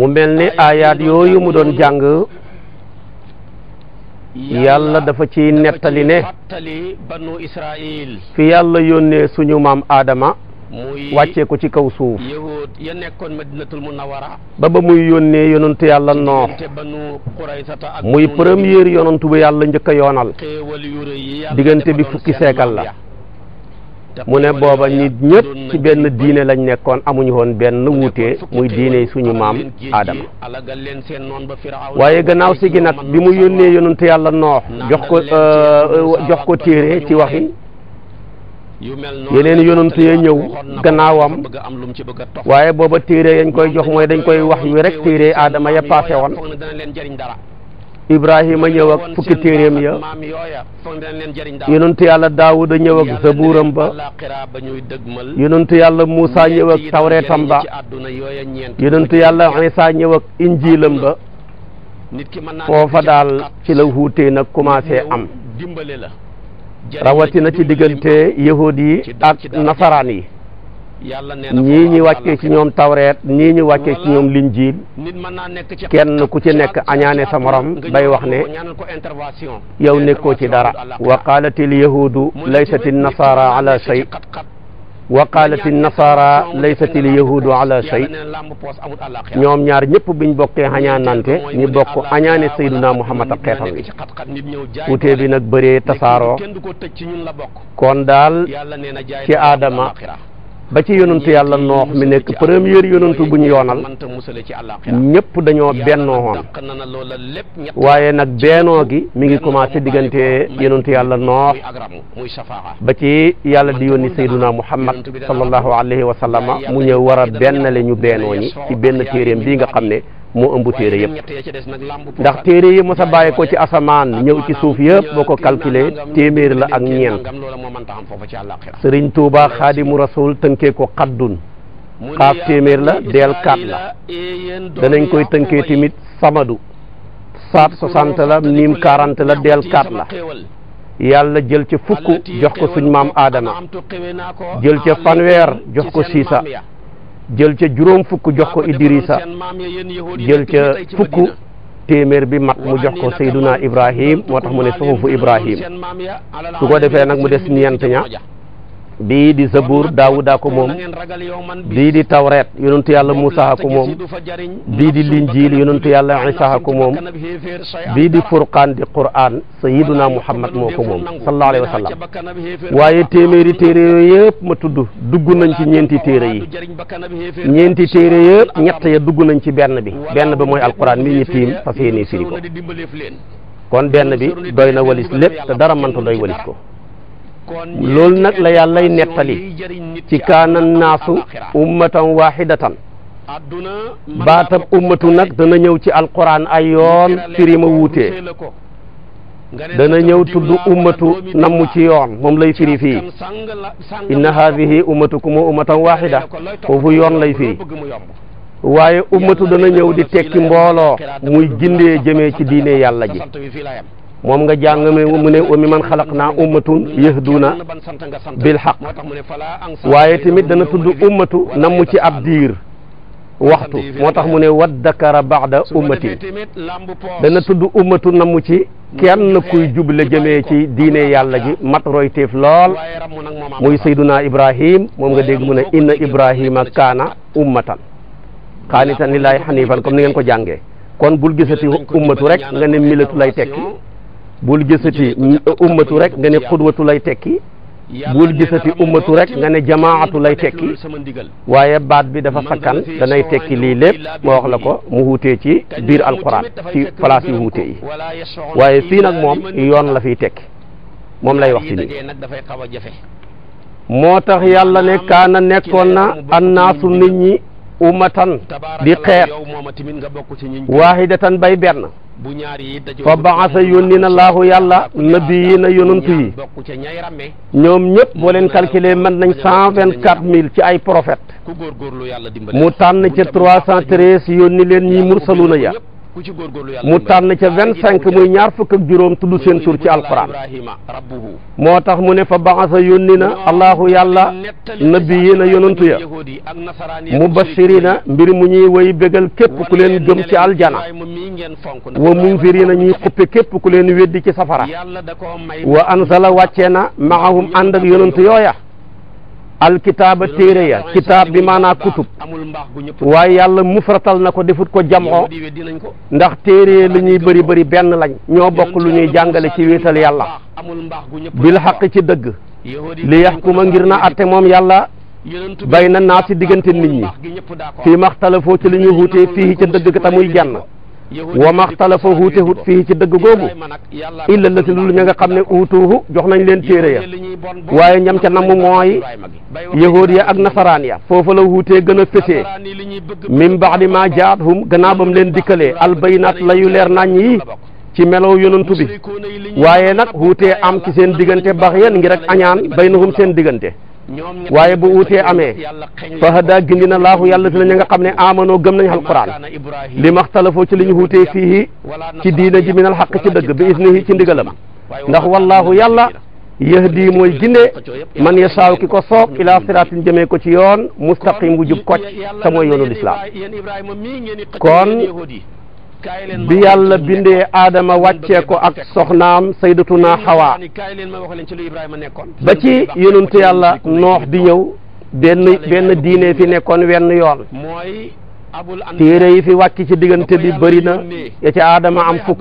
mu mel ni aayaat yooyu mu doon jàng yàlla dafa ciy nettali ne fi yàlla yónnee suñu maam aadama wàccee ko ci kaw suuf ba ba muy yónnee yonantu yàlla noox muy premier yonantu bu yàlla njëkk a yoonal diggante bi fukki seekal la mu ne booba nit ñëpp ci benn diine lañ nekkoon amuñu woon benn wuutee muy diine suñu maam aadama waaye gannaaw si gi nag bi mu yónnee yonent yàlla noox jox ko euh, euh, jox ko téere ci waxi yeneen yonent ya ñëw gannaawam waaye booba téere yañ koy jox mooy dañ koy wax yu rek téere aadama ya paase woon Ibrahima ñëw ak fukki téeréem ya yonentu yàlla a ñëw ak zabuuram ba yonentu yàlla Muusa ñëw ak tawreetam ba yonentu yàlla a ñëw ak injiilam ba foofa daal ci la wuutee nag commencé am rawatina ci diggante yahud yi ak nasaraan yi ñii ñu wàccee ci ñoom tawreet ñii ñu wàccee ci ñoom linjiil kenn ku ci nekk añaane sa morom bay wax ne yow nekkoo ci dara wa qalat il yahudu laysat il nasara ala shay wa qalat il nasara laysat il yahudu ala shay ñoom ñaar ñëpp biñ bokkee añaanante ñu bokk añaane sayduna muhammad ak xeetam wi wutee bi nag bëree tasaaroo kon daal ci aadama ba ci yonantu yàlla noox mi nekk premier yonantu bu ñu yoonal ñëpp dañoo bennoo woon waaye nag beenoo gi mi ngi commencé diggante yonantu yàlla noox ba ci yàlla di yónni sayduna muhammad sallallahu alayhi wa sallama mu ñëw war a bennale ñu bennoo ñi ci benn téeréem bii nga xam ne mo ëmb téré yëpp ya ndax téré yi mësa a bàyyi ko ci asamaan ñëw ya ci suuf yëpp boo ko calculé téeméer la ak ñeen sëriñ touba xaadimu rasul tënkee ko xaddun xaaf téeméer la deel kaat la danañ koy tënkee timit samadu saat soixante la miim quarante la deel kaat la yàlla jël ci fukk jox ko suñ maam aadama jël ca fanweer jox ko siisa jël ca juróom fukk jox ko Idrissa jël ca fukk téeméer bi mat mu jox ko Seyduna Ibrahim moo tax mu ne suhufu Ibrahim su ko defee nag mu des ñeent ña bii di Zabuur Daawuda ko moom bii di Tawreet yonentu yàlla Muusaa ko moom bii di Linjiil yonentu yàlla Iisaa ko moom bii di Furqaan di Qur'aan Sayyiduna Muhammad moo ko moom sallallahu alayhi wa sallam waaye téeméeri téere yooyu yëpp ma tudd dugg nañ ci ñeenti téere yi ñeenti téere yëpp ñett ya dugg nañ ci benn bi benn bi mooy Alqur'aan mi ñu tiim fas yéenee firi ko kon benn bi doy na walis lépp te dara mënta doy walis ko loolu nag la yàllay nettali ci kaana naasu ummatan wahidatan baatab ummatu nag dana ñëw ci alquran ay yoon firima wuutee dana ñëw tudd ummatu namm ci yoon moom lay firi fii inna haadihi ummatukum ummatan wahida foofu yoon lay firi waaye ummatu dana ñëw di tekki mbooloo muy gindee jëmee ci diine yàlla ji moom nga jàng mu ne wa mi man xalaq naa ummatun yahduuna bil xaq waaye tamit dana tudd ummatu namu ci ab diir waxtu moo tax mu ne waddakara baada ummatin dana tudd ummatu namu ci kenn kuy juble jëmee ci diine yàlla ji mat roy téef lool muy sayduna ibrahim moom nga dégg mu ne inna ibrahima kaana ummatan xaanitan lillahi xanifan comme ni ngeen ko jàngee kon bul gisati ummatu rek nga ne milatu lay tekki bul gisati ummatu rek nga ne xudwatu lay tekki bul gisati ummatu rek nga ne jamaatu lay tekki waaye baat bi dafa sakkan danay tekki lii lépp ma wax la ko mu wuutee ci biir alquran ci place yu wuute yi waaye fii nag moom yoon la fiy tekki moom lay wax ci nii moo tax yàlla ne kaana nekkoon na annaasu nit ñi ummatan di xeet waahidatan bay benn fa baasa yónni na laahu yàlla nabiyina yonantu yi ñoom ñëpp boo leen calculer mën nañ cent vingt quatre mille ci ay prophètes mu tànn ca trois cent treize yónni leen ñi mursaluna ya mu tànn ca vingt cinq muy ñaar fukk ak juróom tudd seen tur ci alquran moo tax mu ne fa baxasa yónni na allahu yàlla yi nabiyina yonantu ya mu basirina mbir mu ñuy woy bégal képp ku leen gëm ci aljana wa munzirina ñuy xuppe képp ku leen weddi ci safara wa ansala wàccee na maahum ànd ak yonantu yooya alkitaaba téere ya kitaab bi maanaa kutub waaye yàlla mufratal na ko defut ko jamoo ndax téere li ñuy bëri bëri benn lañ ñoo bokk lu ñuy jàngale ci wéetal yàlla bil xaq ci dëgg li ma ngir na atte moom yàlla bay na naat si diggante nit ñi fii maxtalafoo ci li ñuy wuutee fii ca dëgg ka tamuy jann wa maxtalafa wuute hut fii ci dëgg googu illa la si loolu ña nga xam ne uutuuhu jox nañ leen téere ya waaye ñam ca namm mooy yahuud ya ak nasaraan ya foofa la wuutee gën a fésee min baxdi ma jaat hum gannaaw bam leen dikkalee albaynaat la yu leer nañ yi ci melow yonantu bi waaye nag wuutee am ci seen diggante bax yan ngir ak añaan baynahum seen diggante waaye bu uutee amee fa hada gindi na laahu yàlla dina ña nga xam ne amanoo gëm nañ alquran li maxtalafoo ci li ñu wuutee fii ci diina ji min alxaq ci dëgg bi isnihi ci ndigalam ndax wallaahu yàlla yahdi mooy ginde man saaw ki ko soob ila siraatin jëmee ko ci yoon mustaqim wu jub kocc te mooy yoonu lislaam kon bi yàlla bindee aadama wàccee ko ak soxnaam saydatuna xawa ba ci yonentu yàlla noox di ñëw benn benn diine fi nekkoon wenn yoon téere yi fi wàcc ci diggante bi bëri na ya ca aadama am fukk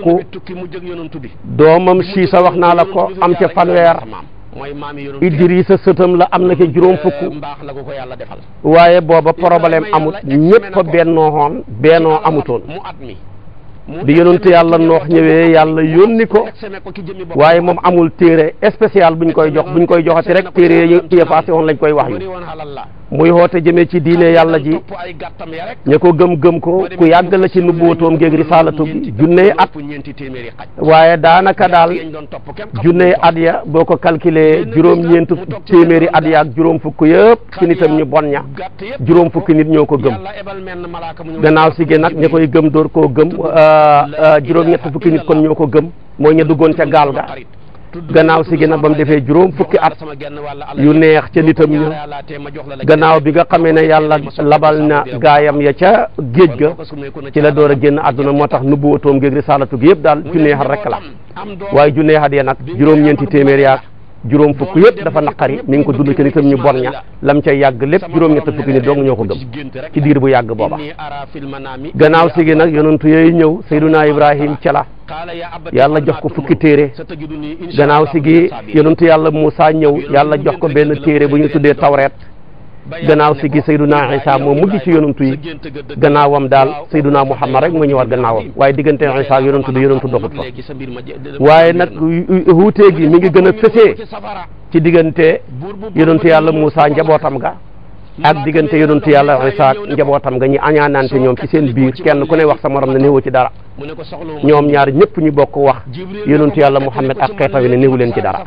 doomam sa wax naa la ko am ca fanweer sa sëtam la am na ca juróom fukk eh, waaye booba problème amut ñëpp a bennoo xoon bennoo amutoon bi yonent yàlla noox ñëwee yàlla yónni ko waaye moom amul téere spécial buñ koy jox buñ koy joxati rek téere yi passé woon lañ koy wax yu muy woote jëmee ci diine yàlla ji ña ko gëm-gëm ko ku yàgg la ci nubuwatoom géeg risaalatu gi junney at waaye daanaka daal junney at ya boo ko calculé juróom ñeent téeméeri at ya ak juróom fukk yëpp ci nitam ñu bon ña juróom fukki nit ñoo ko gëm gannaaw si gi nag ña koy gëm door koo gëm ah, ah, juróom ñett fukki nit kon ñoo ko gëm mooy ña duggoon ca gaal ga gannaaw si gina ba mu defee juróom fukki at yu neex ca nitam ña gannaaw bi nga xamee ne yàlla labal na gaayam ya ca géej ga ci la door a génn àdduna moo tax nubbu atoom géeg risalatu gi yëpp daal junneexat rek la waaye junneexat ya nag juróom-ñeenti téeméer yaak juróom fukk yëpp dafa naqari mi ngi ko dund ci nitam ñu bon ña lam cay yàgg lépp juróom ñett fukki ni dong ñoo ko gëm ci diir bu yàgg booba gannaaw sigi nag yonentu yooyu ñëw sayduna ibrahim cala yàlla jox ko fukki téere gannaaw sigi yonentu yàlla moussa ñëw yàlla jox ko benn téere bu ñu tuddee tawreet gannaaw si gi sayduna isa moo mujj ci yonantu yi gannaawam daal sayduna muhammad rek moo ñëwaat gannaawam waaye diggante isa ak yonantu bi yonantu doxut fa waaye nag wuutee gi mi ngi gën a fësee ci diggante yonantu yàlla Moussa njabootam ga ak diggante yonentu yàlla Isaa ak njabootam nga ñu añaanante ñoom ci seen biir kenn ku ne wax sa morom ne néewu ci dara ñoom ñaar ñëpp ñu bokk wax yonentu yàlla Muhammad ak xeetam yi ne néewu leen ci dara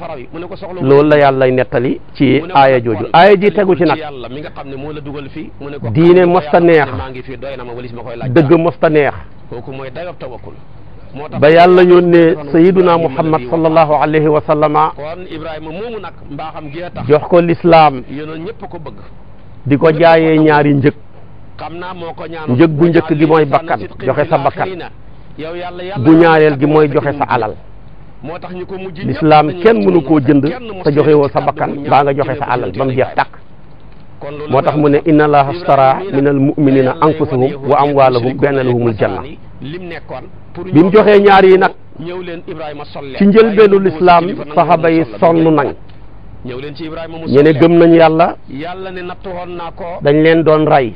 loolu la yàlla nettali ci aaya jooju aaya ji tegu ci nag diine mosta neex dëgg mosta neex ba yàlla yónnee sayiduna muhammad sallallahu alayhi wa sallama jox ko lislaam di ko jaayee ñaari njëg njëg bu njëkk gi mooy bakkan joxe sa bakkan bu ñaareel gi mooy joxe sa alal lislaam kenn mënu koo jënd te joxe woo sa bakkan baa nga joxe sa alal ba mu jeex tàkk moo tax mu ne inna allaha stara min al muminina anfusahum wa amwalahum bi anna lahumul janna bi mu joxee ñaar yi nag ci njëlbeenu lislaam saxaba yi sonn nañ ñëw leen ci Ibrahima Moussa ñene gëm nañ yàlla yàlla ne natt woon naa ko dañ leen doon rey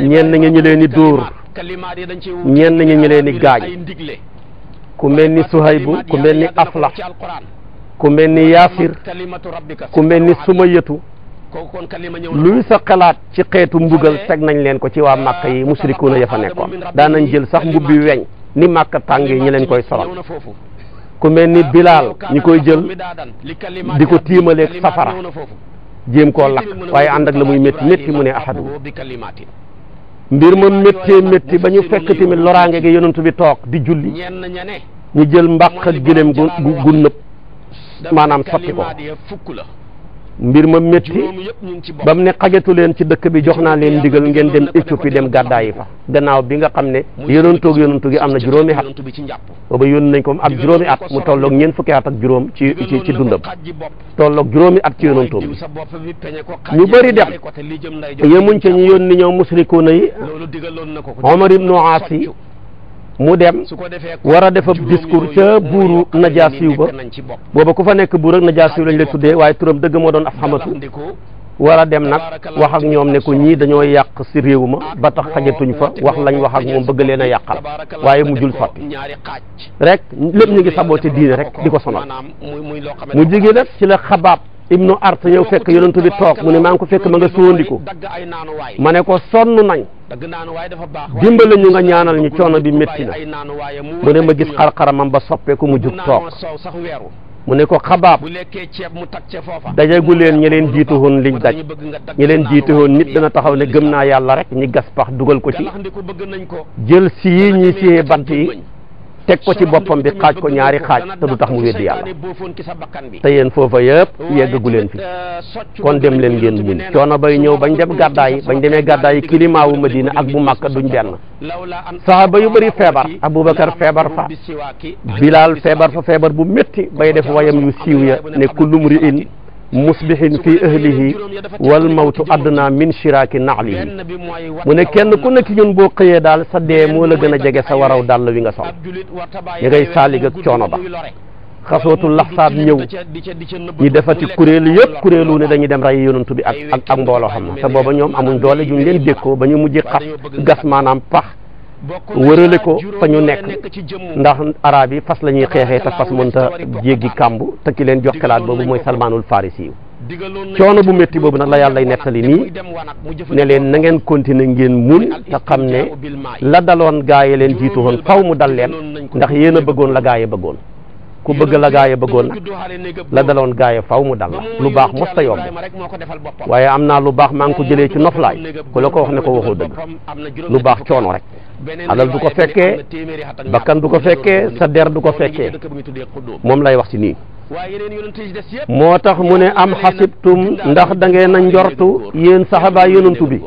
ñenn ñi ñu leen di dóor ñenn ñi ñu leen di gaañ ku mel ni Suhaybu ku mel ni Aflax ku mel ni Yaasir ku mel ni Sumayatu luy sa xalaat ci xeetu mbugal teg nañ leen ko ci waa Màkka yi musrikuuna ya fa nekkoon daanañ jël sax mbubbi weñ ni Màkka tàng yi ñi leen koy solal ku mel ni bilaal ñi koy jël di ko tiimaleeg safara jéem koo lakk waaye ànd ak la muy métti métti mu ne ahadu mbir ma méttee métti ba ñu fekk tamit loraange gi yonent bi toog di julli ñu jël mbàq ak gëléem gu gu nëpp maanaam sotti ko mbir ma métti ba mu ne xajatu leen ci dëkk bi jox naa leen ndigal ngeen dem Éthiopie dem gàddaayi fa gannaaw bi nga xam ne yonantoog yonantu gi am na juróomi at booba yónni nañ ko ak juróomi at mu tolloog ñeent fukki at ak juróom ci ci ci dundam tolloog juróomi at ci yonantoom ñu bëri dem yemuñ ca ñu yónni ñoom musrikuuna yi Omar ibnu Aas yi mu dem war a def ab discours ca buuru najaasiw ba booba ku fa nekk buur ak siw lañ lay tuddee waaye turam dëgg moo doon af xamatu war a dem nag wax ak ñoom ne ko ñii dañoo yàq si réew ma ba tax xajatuñ fa wax lañ wax ak moom bëgg leen a yàqal waaye mu jul sotti rek lépp ñu ngi saboote diine rek di ko sonal mu jigéen nag ci la xabaab ibnu art ñëw fekk yonentu bi toog mu ne maa ngi ko fekk ma nga sóondiku ma ne ko sonn nañ dimbale ñu nga ñaanal ñu coono bi métti na mu ne ma gis xar-xaramam ba soppeeku mu jug toog mu ne ko xabaab dajagu leen ñi leen jiitu woon liñ daj ñi leen jiitu woon nit dana taxaw ne gëm naa yàlla rek ñi gas pax dugal ko ci jël sii ñi siyee bant yi teg ko ci boppam bi xaaj ko ñaari xaaj te du tax mu weddi yàlla te yéen foofa yëpp yeggagu leen fi kon dem leen ngeen muñ coono bay ñëw bañ dem gàddaay bañ demee gàddaay climat wu Madina ak bu Makka duñ benn saxaaba yu bëri feebar Aboubacar feebar fa Bilal feebar fa feebar bu métti bay def wayam yu siiw ya ne kullu mri'in مصبح في أهله والموت ادنا من شراك نعله من كان كنا كيون بو قيدال سديم ولا غنا جيغا سا وراو دال ويغا سو نيغي ساليغا تيونا با خاصوت الاحساب نيو ني دافاتي كوريل ييب كوريلو ني داني دم راي يونتو بي اك اك مبولو خام تا بوبا نيوم امون دولا جون لين ديكو با ني موجي خاس غاس مانام باخ wërale ko fa ñu nekk ndax arab yi fas la ñuy xeexee te fas mënta jéggi kàmb te ki leen jox xalaat boobu mooy salmaanul farisi yi coono bu métti boobu nag la yàlla nettali nii ne leen nangeen ngeen ngeen mun te xam ne la daloon gaa yi leen jiitu woon faw mu dal leen ndax yéen a bëggoon la gaa yi bëggoon ku bëgg la gaaya bëggoon nag la daloon gaaya faw mu dal la lu baax mosta yomb waaye am naa lu baax maa ngi ko jëlee ci noflaay ku la ko wax ne ko waxoo dëgg lu baax coono rek alal du ko fekkee bakkan du ko fekkee sa der du ko fekkee moom lay wax ci nii moo tax mu ne am xasibtum ndax da ngeen a njortu yéen saxaba yonantu bi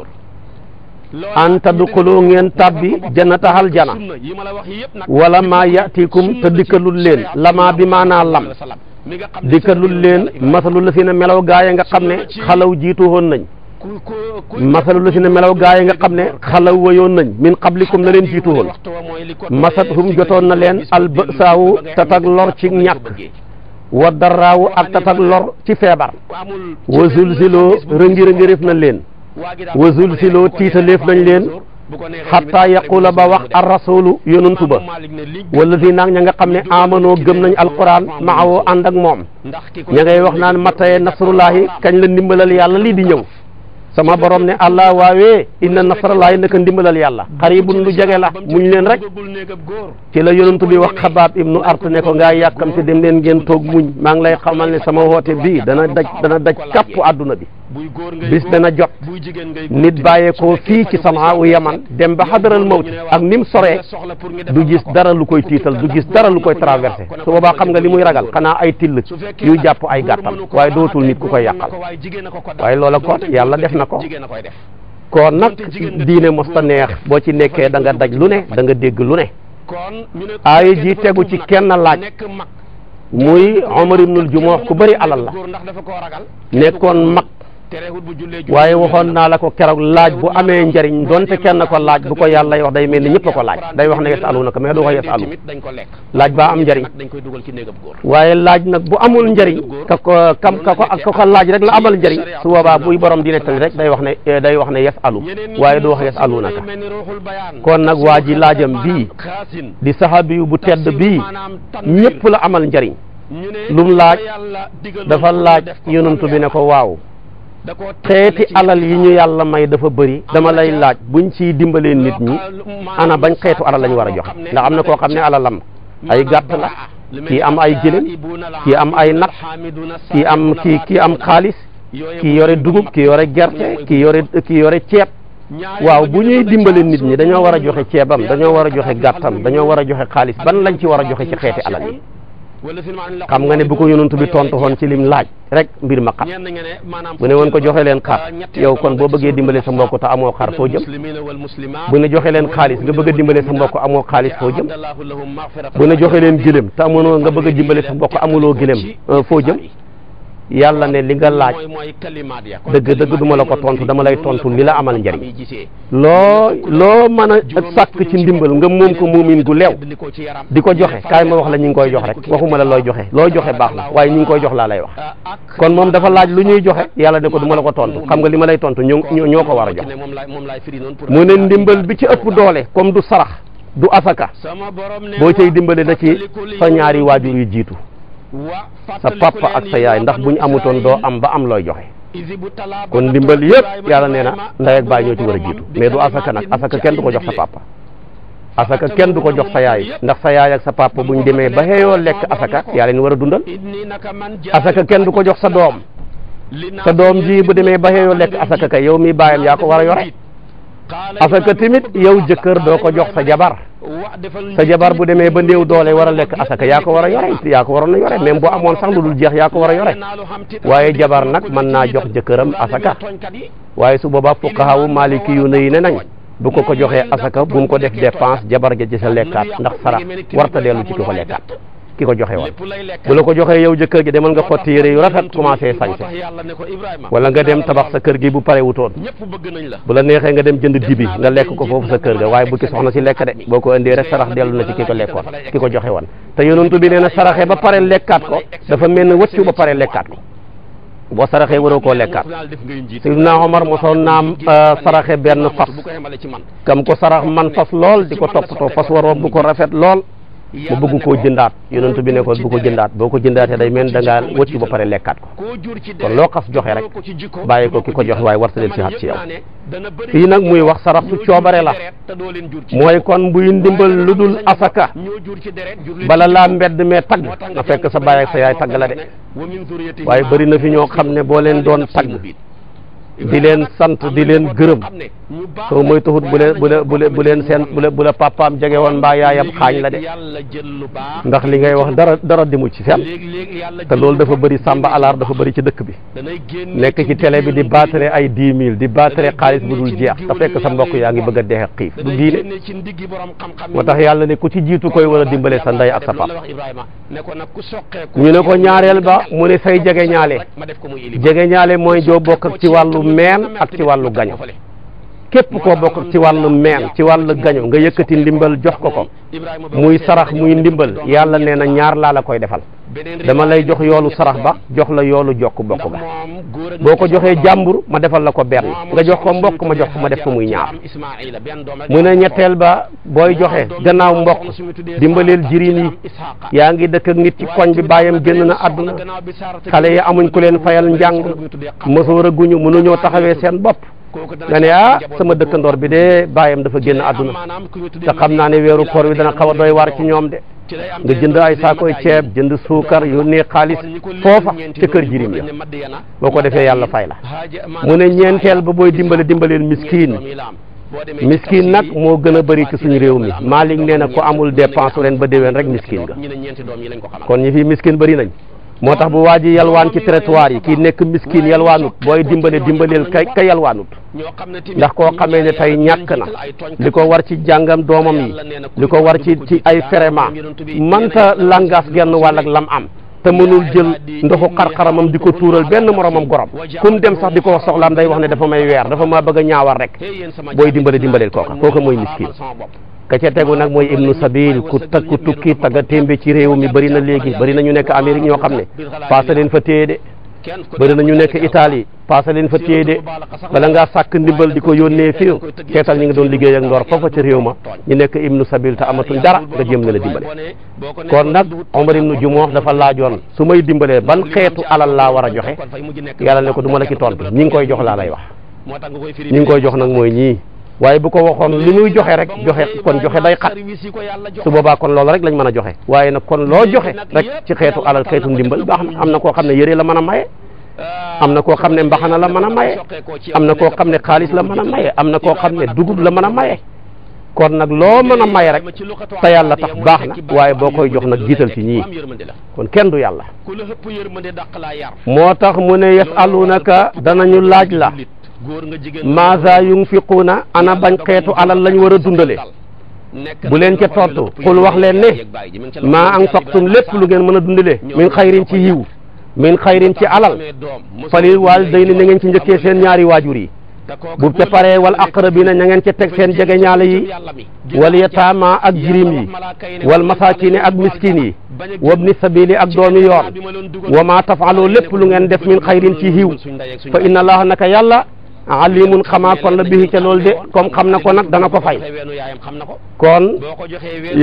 an tadxulu ngeen tàbbi jannata aljana wala maa yatikum te dikkalul leen lama bi maanaa lam dikkalul leen masalu la si ne melaw gaa yi nga xam ne xalaw jiitu woon nañ masalu la si ne melaw gaa yi nga xam ne xalaw wayoon nañ min qablikum la leen jiitu woon masathum jotoon na leen albasaawu tatag lor ci ñàkk wa darraawu ak tatag lor ci feebar wa zulziloo rëngi rëngi ref na leen wa zulsiloo tiitaleef nañ leen xatta yaqula ba wax ar rasulu yonantu ba wala di naag ña nga xam ne amanoo gëm nañ alquran maawoo ànd ak moom ña ngay wax naan mataye nasrullahi kañ la ndimbalal yàlla lii di ñëw sama borom ne allah waawee inna nasrallahi naka ndimbalal yàlla xaribun lu jege la muñ leen rek ci la yonantu bi wax xabaab ibnu art ne ko ngaa yàkkamte dem leen ngeen toog muñ maa ngi lay xamal ne sama woote bii dana daj dana daj kàpp àdduna bi bis dana jot nit bàyyeekoo fii ci Sanaa u Yaman dem ba xadaral mawt ak ni mu soree du gis dara lu koy tiital du gis dara lu koy traversé su boobaa xam nga li muy ragal xanaa ay till yuy jàpp ay gàttal waaye dootul nit ku koy yàqal waaye loola kon yàlla def na ko kon nag diine mos ta neex boo ci nekkee da nga daj lu ne da nga dégg lu ne aaya ji tegu ci kenn laaj muy Omar ibnul Jumuux ku bëri alal la nekkoon mag waaye waxoon naa la ko keroog laaj bu amee njariñ donte kenn ko laaj bu ko yàlla wax day mel ni ñëpp a ko laaj day wax ne yasaluna ko mais du ko yasalu laaj baa am njariñ waaye laaj nag bu amul njariñ ka ko kam ka ko ka ko laaj rek la amal njariñ su boobaa buy borom di nettali rek day wax ne day wax ne yasalu waaye du wax yasaluna ka kon nag waa ji bi bii di sahabi bu tedd bii ñëpp la amal njariñ lum laaj dafa laaj yonantu bi na ko waaw xeeti alal yi ñu yàlla may dafa bëri dama lay laaj buñ ci dimbalee nit ñi ana bañ xeetu alal lañ war a joxe ndax am na koo xam ne alalam ay gàtt la kii am ay gëlëm kii am ay nag kii am kii kii am xaalis kii yore dugub kii yore gerte kii yore kii yore ceeb waaw bu ñuy dimbale nit ñi dañoo war a joxe ceebam dañoo war a joxe gàttam dañoo war a joxe xaalis ban lañ ci war a joxe ci xeeti alal yi xam nga ne bu ko yonent bi tontu woon ci lim laaj rek mbir ma xat bu ne woon ko joxe leen xar yow kon boo bëggee dimbale sa mbokk te amoo xar foo jëm bu ne joxe leen xaalis nga bëgg a dimbale sa mbokk amoo xaalis foo jëm bu ne joxe leen gëlëm te amoon nga bëgg a dimbale sa mbokk amuloo gëlëm euh, foo jëm yàlla ne li nga laaj dëgg dëgg duma la ko tontu dama lay tontu li la amal njariñ loo loo man a sàkk ci ndimbal nga moom ko moomin gu leew di ko joxe kaay ma wax la ñu ngi koy jox rek waxuma la looy joxe looy joxe baax la waaye ñu ngi koy jox laa lay wax ah, kon moom dafa laaj lu ñuy joxe yalla ne ko duma la ko tontu xam nga li ma lay tontu ñoo ñoo ko war a jox mu ne ndimbal bi ci ëpp doole comme du sarax du asaka boo cay dimbale na ci sa ñaari waajur yu jiitu sa papa ak sa yaay ndax bu ñu amutoon doo am ba am looy joxe kon ndimbal yëpp yàlla nee na ndey ak baay ñoo a jiitu mais du asaka nag asaka kenn du ko jox sa papa asaka kenn du ko jox sa yaay ndax sa yaay ak sa papa bu ñu demee ba xëyoo lekk asaka yaa leen war a dundal asaka kenn du ko jox sa doom sa doom ji bu demee ba xëyoo lekk asaka kay yow mi baayam yaa ko war a yore asaka tamit yow jëkkër doo ko jox sa jabar sa jabar bu demee ba néew doole war a lekk asaka yaa ko war a yore yaa ko waroon a yore même boo amoon sax lu dul jeex yaa ko war a yore waaye jabar nag mën naa jox jëkkëram asaka waaye su boobaa fuqahaawu maliki yu ne nañ bu ko ko joxee asaka bu mu ko def dépense jabar ja ci sa lekkaat ndax sarax warta dellu ci ko ko lekkaat kiko joxe won bu lako joxe yow je keur gi demal nga xotti yére yu rafet commencé sañse wala nga dem tabax sa keur gi bu pare la bu la nexé nga dem jënd dibi nga lek ko fofu sa keur ga waye bu ki soxna si lek de boko ko rek sarax delu na ci kiko lek won kiko joxe won te yonentu bi neena saraxé saraxe ba pare lekkaat ko dafa melni ne wëccu ba pare lekkaat ko boo saraxee waroo koo lekkaat sirna Omar mosoon naam saraxé ben fas kam ko sarax man fas lol diko top to fas waro bu ko rafet lol mu bëgg koo jëndaat yonent bi ne ko bu ko jëndaat boo ko jëndaatee day mel da ngaa wëcc ba pare lekkaat ko kon loo xas joxe rek bàyyi ko ki ko joxe waaye war sa del si xat ci yow fii nag muy wax sarax su coobare la mooy kon buy ndimbal lu dul asaka bala laa mbedd mee tagg na fekk sa baay ak sa yaay tagg la de waaye bëri na fi ñoo xam ne boo leen doon tagg di leen sant di leen gërëm soo mooy taxut bu leen bu leen bu leen seen bu leen bu la papaam jege woon mbaa yaayam xaañ la de ndax li ngay wax dara dara mu ci fenn te loolu dafa bëri sàmba alaar dafa bari ci dëkk bi nekk ci télé bi di baatare ay dix mille di baatare xaalis bu dul jeex te fekk sa mbokk yaa ngi bëgg a dexe xiif du diine moo tax yàlla ne ku ci jiitu koy war a dimbale sa ndey ak sa pap ñu ne ko ñaareel ba mu ne say jege ñaale jege ñaale mooy joo bokk ci wàllu meen ak ci wàllu gaño képp koo bokk ci wàllu meen ci wàllu gaño nga yëkkati ndimbal jox ko ko muy sarax muy ndimbal yàlla nee na ñaar laa la koy defal dama lay jox yoolu sarax ba jox la yoolu jokk bokk ga boo ko joxee jàmbur ma defal la ko benn nga jox ko mbokk ma jox ko ma def ko muy ñaar mu ne ñetteel ba booy joxe gannaaw mbokk dimbaleel jiriin yi yaa ngi dëkk nit ci koñ bi bàyyam génn na àdduna xale yi amuñ ku leen fayal njàng mësoor a guñu mënuñoo taxawee seen bopp nga ne ah sama dëkkandoor bi de baayam dafa génn àdduna te xam naa ne weeru koor wi dana xaw a doy waar ci ñoom de nga jënd ay saakoy ceeb jënd suukar yónnee xaalis foofa ca kër jirim ya boo ko defee yàlla fay la mu ne ñeenteel ba booy dimbale dimbaleel miskiin miskiin nag moo gën a bëri ci suñu réew mi Malick nee na ko amul dépense ren ba déwén rek miskiin nga kon ñi fi miskiin bëri nañ moo tax bu waa ji yalwaan ci trottoir yi kii nekk miskin yalwaanut booy dimbale dimbaleel ka ka yalwaanut ndax koo xamee ne tey ñàkk na li ko war ci jàngam doomam yi li ko war ci ci ay ferema manta langaas genn wàll ak lam am te mënul jël ndoxu xarxaramam di ko tuural benn moromam gorom kum dem sax di ko wax soxlaam day wax ne dafa may weer dafa maa bëgg ñaawar rek booy dimbale dimbaleel kooka kooka mooy miskin ka ca tegu nag mooy ibnu sabil ku takku tukki tagga témbe ci réew mi bëri na léegi bëri na ñu nekk Amérique ñoo xam ne paase leen fa téye de bëri na ñu nekk Italie paase fa téye de bala ngaa di ko yónnee fii seetal ñi nga doon liggéey ak ndoor foofa ca réew ma ñu nekk ibnu sabil te amatuñ dara nga jéem leen a dimbale kon nag Omar ibnu Jumoox dafa laajoon su may dimbalee ban xeetu alal laa war a joxe ne ko du ma la ci tontu ñi ngi koy jox laa lay wax ñi ngi waaye bu ko waxoon li muy joxe rek joxe kon joxe day xat su boobaa kon loolu rek lañ mën a joxe waaye nag kon loo joxe rek ci xeetu alal xeetu ndimbal baax na am na koo xam ne yëre la mën a maye ah, am na koo xam ne mbaxana la mën a maye am na koo xam ne xaalis la mën a maye am na koo xam ne dugub la mën a maye kon nag loo mën a maye rek te yàlla tax baax na waaye boo koy jox nag jiital ci ñii kon kenn du yàlla moo tax mu ne alunaka danañu laaj la maasa yunfiquuna ana bañ xeetu alal lañ war a dundale bu leen ca tontu xul wax leen ne maa anfaqtum lépp lu ngeen mën a dundale min xayrin ci yiw min xayrin ci alal falil waalidayni na ngeen ci njëkkee seen ñaari waajur yi bu ca paree wal aqrabina na ngeen ca teg seen jege ñaale yi wal yataama ak jirim yi wal masaakiini ak miskin yi wabni sabili ak doomi yoon wa maa tafaaloo lépp lu ngeen def min xayrin ci yiw fa inna allaha naka yàlla a alimun xamaa kon la bi ca loolu de comme xam na ko nag dana ko fay kon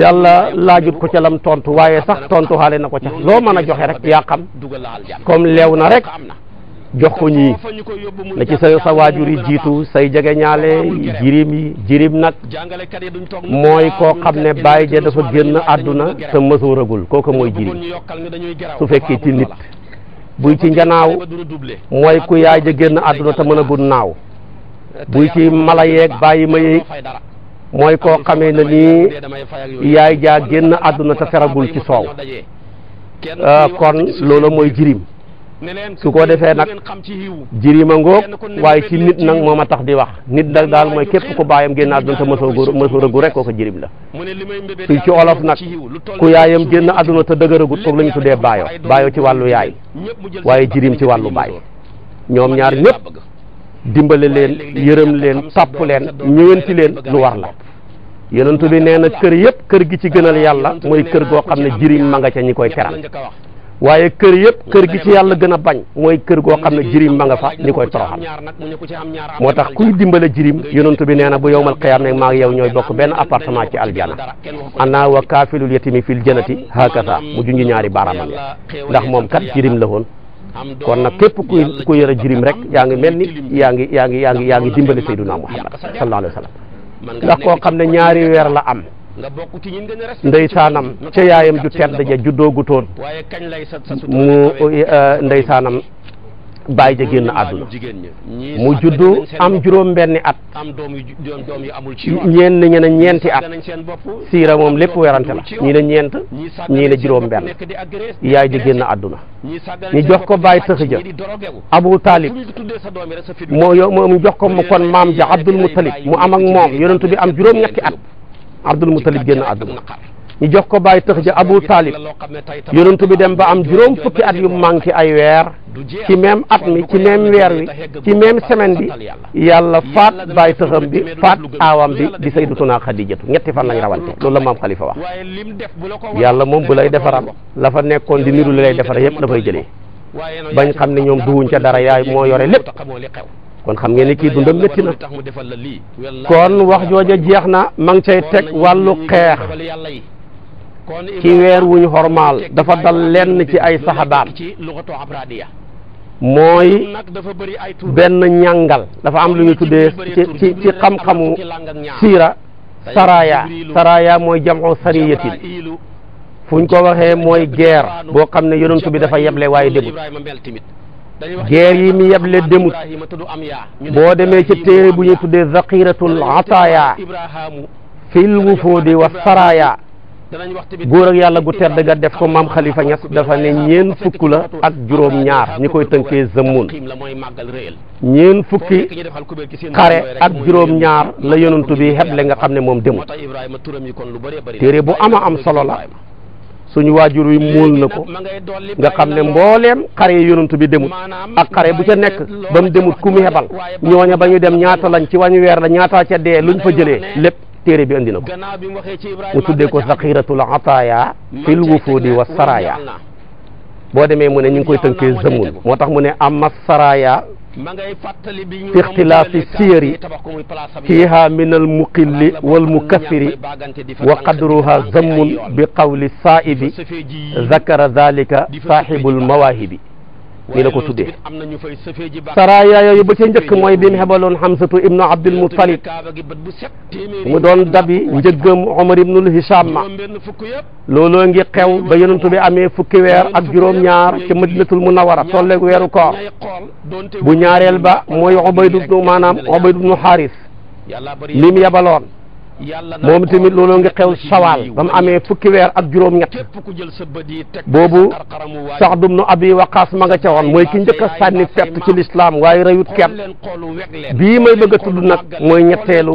yàlla laajut ko ca lam tontu waaye sax tontu xaale na ko ca loo mën a joxe rek yaa xam comme leew na rek jox ko ñii na ci sa sa waajur yi jiitu say jege ñaale jirim yi jirim nag mooy koo xam ne bàyyi ja dafa génn àdduna te mësoo ragul kooku mooy jirim su fekkee ci nit buy ci njanaaw mooy ku yaay ja génn àdduna te a gun naaw buy ci mala yeeg bàyyi ma yeeg mooy koo xamee ne nii yaay jaa génn àdduna ta teragul ci soow ah, kon loola mooy jirim su ko defee nag jirima ngoog waaye ci nit nag moo ma tax di wax nit nag daal mooy képp ku bàyyam génn àdduna te mësoo góor mësoo rëggu rek kooku jirim la su ci olof nag ku yaayam génn àdduna te dëgëragut toog la ñu tuddee baayo baayo ci wàllu yaay waaye jirim ci wàllu baay ñoom ñaar ñëpp dimbale leen yërëm leen tapp leen ñëwanti leen lu war la yonentu bi nee na kër yëpp kër gi ci gënal yàlla mooy kër goo xam ne jirim ma nga ca ñi koy teral waaye kër yëpp kër gi ci yàlla gën a bañ mooy kër goo xam ne jirim ma nga fa ñu koy toroxal moo tax kuy dimbale jirim yonent bi nee na bu yowmal qiyaama maa ngi yow ñooy bokk benn appartement ci aljana ana wa kaafilul yatimi fil jannati hakasa mu junj ñaari baaraamam ya ndax moom kat jirim la kon nag képp ku yore jirim rek yaa ngi mel ni yaa ngi yaa ngi yaa ngi yaa ngi dimbale sayyiduna Muhammad sallallahu alayhi wa sallam ndax koo ne ñaari weer la am ndeysaanam ca yaayam ju tedd ja juddoogu toon mu uh, ndeysaanam bàyyi ja génn àdduna mu juddu am juróom benni at ñeen ñi ne ñeenti at siira moom lépp werante la ñii ne ñeent ñii ne juróom benn yaay ja génn àdduna ñu jox ko bàyyi tëx ja abu taalib moo yo mu jox ko kon maam ja abdul muttalib mu am ak moom yonentu bi am juróom ñetti at Abdul Muttalib génn àdduna ñu jox ko bàyyi tëx ja Abu Talib yonent bi dem ba am juróom fukki at yu manqué ay weer ci même at mi ci même weer wi ci même semaine bi yàlla faat bàyyi tëxam bi faat aawam bi di sayyidatuna Xadijatu ñetti fan lañ rawante loolu la maam Khalifa wax yàlla moom bu lay defaral la fa nekkoon di niru la lay defara yëpp dafay jëlee bañ xam ne ñoom duwuñ ca dara yaay moo yore lépp kon xam ngeen ni kii dundam métti na kon wax jooja jeex na mang ngi cay teg wàllu xeex ci weer wu ñu xormaal dafa dal lenn ci ay saxabaam mooy benn ñàngal dafa am lu ñu tuddee ci ci xam-xamu siira saraya saraya mooy jamu sariyatin fu ñu ko waxee mooy guerre boo xam ne yonent bi dafa yeble waaye début geer yi mi yeble demut boo demee ci téere bu ñu tuddee zaqiratul ataaya fil wufuudi wa saraaya góor ak yàlla gu tedd ga def ko maam Khalifa Niass dafa ne ñeen fukk la ak juróom ñaar ñi koy tënkee zëmmun ñeen fukki xare ak juróom ñaar la yonantu bi heble nga xam ne moom demut téere bu ama am solo la suñu waajur wi muul na ko nga xam ne mbooleem xare yonent bi demut ak xare bu ca nekk ba mu demut ku mu hebal ñooña ba ñu dem ñaata lañ ci wàññi weer la ñaataa ca dee luñ fa jëlee lépp téere bi andi na ko mu tuddee ko saxiratul ataaya fil wufuudi wa ya boo demee mu ne ñu ngi koy tënkee zamun moo tax mu ne amma ya في اختلاف السير فيها من المقل والمكفر وقدرها زم بقول الصائب ذكر ذلك صاحب المواهب nii la ko tuddee saraaya yooyu ba ca njëkk mooy bi mu hebaloon Hamsatu ibnu Abdul Muttalib mu doon dabi njëggam Omar ibnul Hisham ma looloo ngi xew ba yonentu bi amee fukki weer ak juróom-ñaar ca madinatul munawara tolleeg weeru koor bu ñaareel ba mooy Ubaydu maanaam Ubaydu bnu Xaaris li mu yebaloon moom tamit looloo nga xew sawaal ba mu amee fukki weer ak juróom-ñett boobu sax dum nu abi waqaas ma nga ca mooy ki njëkk sànni fett ci lislaam waaye reyut kenn bii may bëgg a tudd nag mooy ñetteelu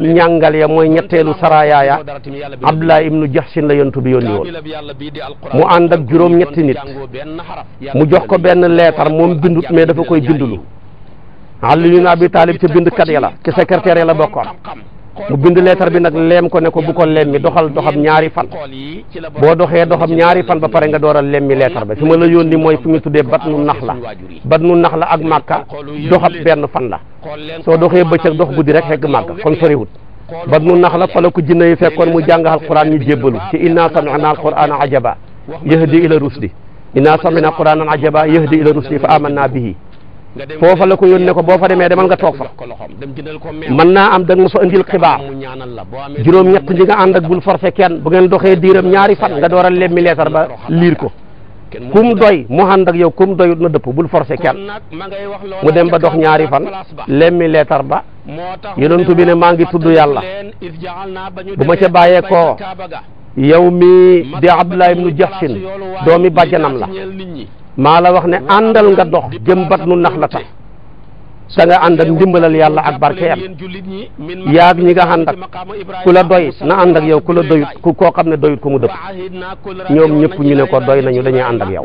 ñàngal ya mooy ñetteelu saraayaa ya Abdullah ibnu Jahshin la yontu bi yónni woon mu ànd ak juróom-ñetti nit mu jox ko benn leetar moom bindut mais dafa koy bindulu Ali ibn Abi Talib ca bindkat ya la ci secrétaire ya la bokkoon mu bind leetar bi nag leem ko ne ko bu ko lemmi doxal doxam ñaari fan boo doxee doxam ñaari fan ba pare nga dooral lemmi leetar ba fi ma la yónni mooy fu ñu tuddee bat nu nax la bat nu nax la ak màkka doxab benn fan la soo doxee bëccëg dox guddi rek fekk màkka kon soriwut bat nu nax la fa ku ko jinne yi fekkoon mu jàng alquran ñu jébbalu ci inna sami'na alqurana ajaba yahdi ila rusdi inna sami'na alqurana ajaba yahdi ila rusdi fa amanna bihi foofa la ko yónnee ko boo fa demee demal nga toog fa mën naa am da nga ma fa andil xibaar juróom-ñett ñi nga ànd ak bul forfé kenn bu ngeen doxee diiram ñaari fan nga door a lemmi leetar ba liir ko kum doy mu ànd ak yow kum doyut na dëpp bul forcé kenn mu dem ba dox ñaari fan lemmi leetar ba yonentu bi ne maa ngi tudd yàlla bu ma ca bàyyee koo yow mi di Abdullah ibnu Jahsin doomi bàjjanam la maa la wax ne àndal nga dox jëm bat nu nax la tax da ànd ak ndimbalal yàlla ak barkeel yaag ñi nga ànd ak ku la doy na ànd ak yow ku la doyut ku koo xam ne doyut ko mu dëpp ñoom ñëpp ñu ne ko doy nañu dañuy ànd ak yow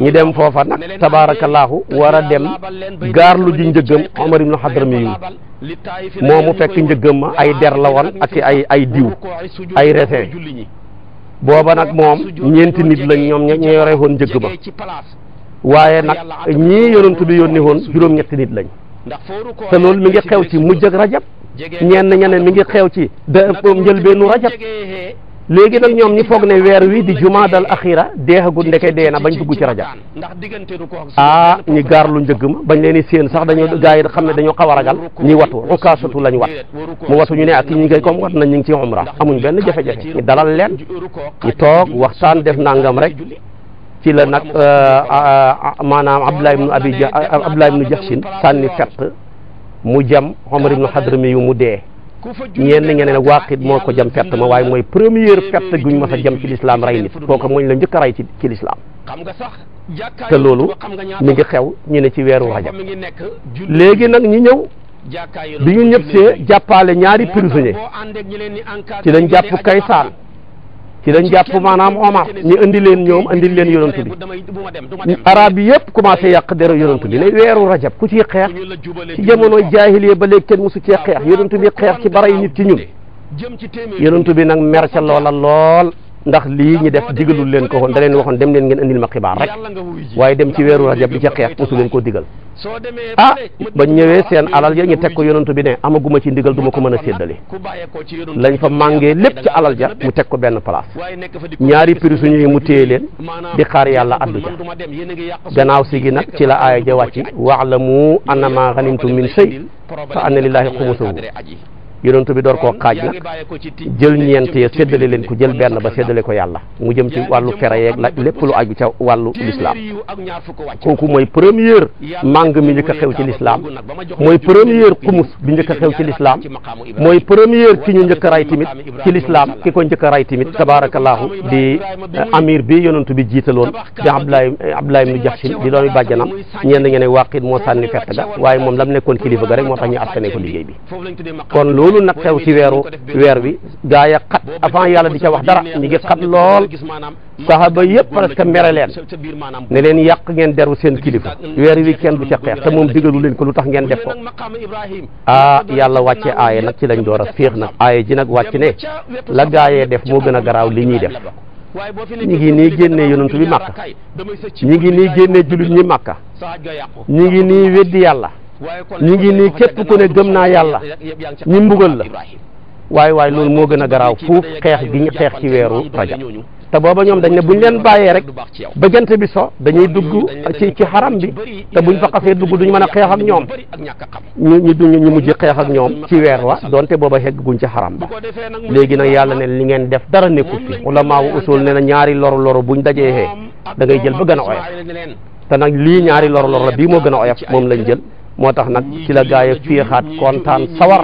ñu dem foofa nag tabaarakallaahu war a gaar lu ji njëggam Omar ibnu Hadrami yu moo mu fekk njëggam ay der la woon ak ay ay diw ay resin booba nag moom ñeenti nit la ñoom ña yore woon njëgg ba waaye nag ñii yonent bi yónni woon juróom-ñetti nit lañ te loolu mi ngi xew ci mujj ak rajab ñenn ña mi ngi xew ci da njëlbeenu rajab léegi nag ñoom ñi foog ne weer wi di jumaadal axira deexagul ndeke dee na bañ dugg ci rajab ah, ah ñi gaar lu njëgg ma bañ leen di séen sax dañoo gars yi xam ne dañoo xaw a ragal ñi watu ukaasatu lañ wat mu watu ñu ne ak ñi ngi koy comme na nañ ñu ngi ci umra amuñ benn jafe-jafe ñu dalal leen ñu toog waxtaan def nangam rek ci la nag euh, maanaam Abdullah ibnu Abi Abdullah ibnu Jahsin sànni fett mu jam Omar ibnu Hadrami yu mu dee ñeen ñi ne nag waaqit moo ko jam perte ma waaye mooy première perte guñ ma sa jam ci lislaam rey nit kooku mooy la njëkk a rey ci ci lislaam te loolu mi ngi xew ñu ne ci weeru rajab léegi nag ñu ñëw bi ñu ñëpp see jàppaale ñaari prisonnier ci lañ jàpp kaysaan ci lañ jàpp maanaam Omar ñu indi leen ñoom indi leen yonent bi arab yi yëpp commencé yàq deru yonent bi ne rajab ku ciy xeex ci jamonoy jaahiliya ba léegi kenn mosu cee ah, xeex yonent bi xeex ci baray nit ci ñun yonent bi nag mer ca lool ndax li ñi def digelul leen ko woon da leen waxon dem leen ngeen andil ma xibaar rek waye dem ci wéru rajab ci xex ko su leen ko digal ah ba ñëwee seen alal ya ñi tek ko yonentu bi ne amaguma ci digal duma ko mëna sédalé lañ fa mangé lepp ci alal ja mu tek ko benn place ñaari prix suñu mu téye leen di xaar yalla addu ja gannaaw si gi ci la ja wacci waalamu annama ghanimtum min shay fa anna lillahi khumsuhu yonent bi door koo xaaj nag jël ñeent ya séddale leen ko jël benn ba séddale ko yàlla mu jëm ci wàllu fere yeeg la lépp lu aju ca wàllu l'islam kooku mooy première màng mi njëkk a xew ci l'islam mooy première xumus bi njëkk a xew ci l'islam mooy première ki ñu njëkk a ray tamit ci l'islam ki ko njëkk a ray tamit tabarakallahu di amir bi yonent bi jiitaloon di Abdoulaye Abdoulaye ibnu Jahsin di doomi bàjjanam ñeen na ngeen ne wàqit moo sànni fett ga waaye kilifa ga rek moo tax ñu askane ko liggéey bi kon loolu mënul nag xew ci weeru weer bi gaa ya a avant yàlla di ca wax dara ñu ngi lool sahaba yëpp parce mere leen ne leen yàq ngeen deru seen kilifa weer wi kenn du ca xeex te moom digalu leen ko lu tax ngeen def ko ah yàlla wàcce aaye nag ci lañ door a féex nag aaye ji nag wàcc ne la gaa yee def moo gën a garaaw li ñuy def ñi ngi nii génnee yonent bi màkka ñi ngi nii génnee julit ñi màkka ñi ngi nii weddi yàlla ñu ngi nii képp ku ne gëm naa yàlla ñu mbugal la waaye waaye loolu moo gën a garaaw fuuf xeex gi ñu xeex ci weeru rajab te booba ñoom dañ ne buñ leen bàyyee rek ba jant bi so dañuy dugg ci ci xaram bi te buñ fa xasee dugg duñ mën a xeex ak ñoom ñu ñu duñ ñu mujj xeex ak ñoom ci weer wa donte booba xegg guñ ci xaram ba léegi nag yàlla ne li ngeen def dara ne fi ulama wu usul ne na ñaari loro loru buñ dajee da ngay jël ba gën a oyof te nag lii ñaari loru loru bii moo gën a oyof moom lañ jël motax nak ci la gaay a féexaat kontaan sawar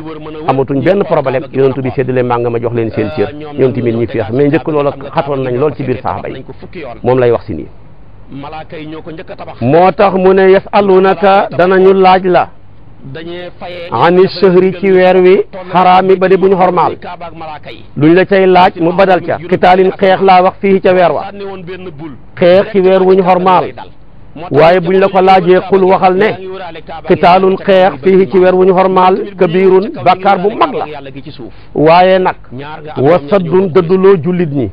amatuñ benn problème yonentu bi séddale mànga ma jox leen seen cër ñoom tamit ñu féex mais njëkk loola xatoon nañ lool ci biir saxaba yi moom lay wax si nii moo tax mu ne yasalunaka danañu laaj la ani shahri ci weer wi xaraami bade buñ xormaal luñ la cay laaj mu badal ca xitaalin xeex laa wax fii ca weer wa xeex ci weer wuñ xormaal waaye bu ñu la ko laajee xul waxal ne xitaalun xeex fii ci weer wu ñu xormaal kabiirun bàkkaar bu mag la waaye nag wa saddun dëdduloo jullit ñi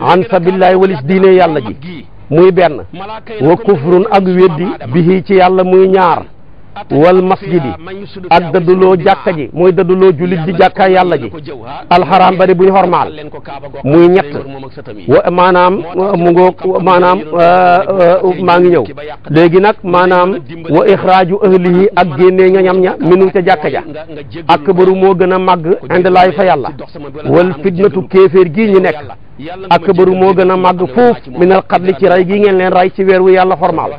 an sabillahi walis diine yàlla ji muy benn wa kufrun ak weddi bihi ci yàlla muy ñaar wal masjidi ak dëdduloo jàkka ji mooy dëdduloo julit ji jàkka yàlla ji alxaraam bari buñ xormaal muy ñett wa maanaam mu ngoog maanaam maa ngi ñëw léegi nag maanaam wa ixraaju ahlihi ak génnee ña ñam ña minu ca jàkka ja akbaru moo gën a màgg indalaay fa yàlla wal fitnatu kéeféer gii ñu nekk akbaru moo gën a màgg fuuf minal xatli ci ray gi ngeen leen ray ci weer wu yàlla xormaal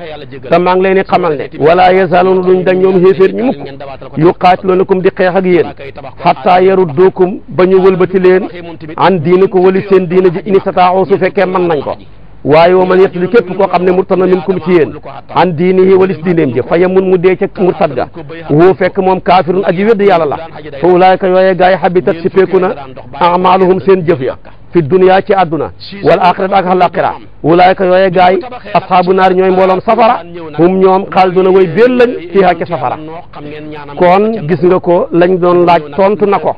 te maa ngi leen di xamal ne wala yazaluuna duñ dañ ñoom xéeféer ñi mukk yuqaatiluunakum di xeex ak yéen xataa yarudduukum ba ñu wëlbati leen an ko wali seen diina ji in istataau su fekkee man nañ ko waaye woo man yetuli képp koo xam ne murtad na min kum ci yéen an diinihi walis diineem ji fa yemun mu dee ca murtad ga wu fekk moom kaafirun aji wedd yàlla la fa ulaayka yooye gaa yi habitat si peeku na amaaluhum seen jëf ya fi dunya ci àdduna wal axirat ak alaaxira ulaayka yooye gaa yi asxaabu naar ñooy mbooloom safara hum ñoom xaaliduna way béel lañ fiihaa safara kon gis nga ko lañ doon laaj tontu na ko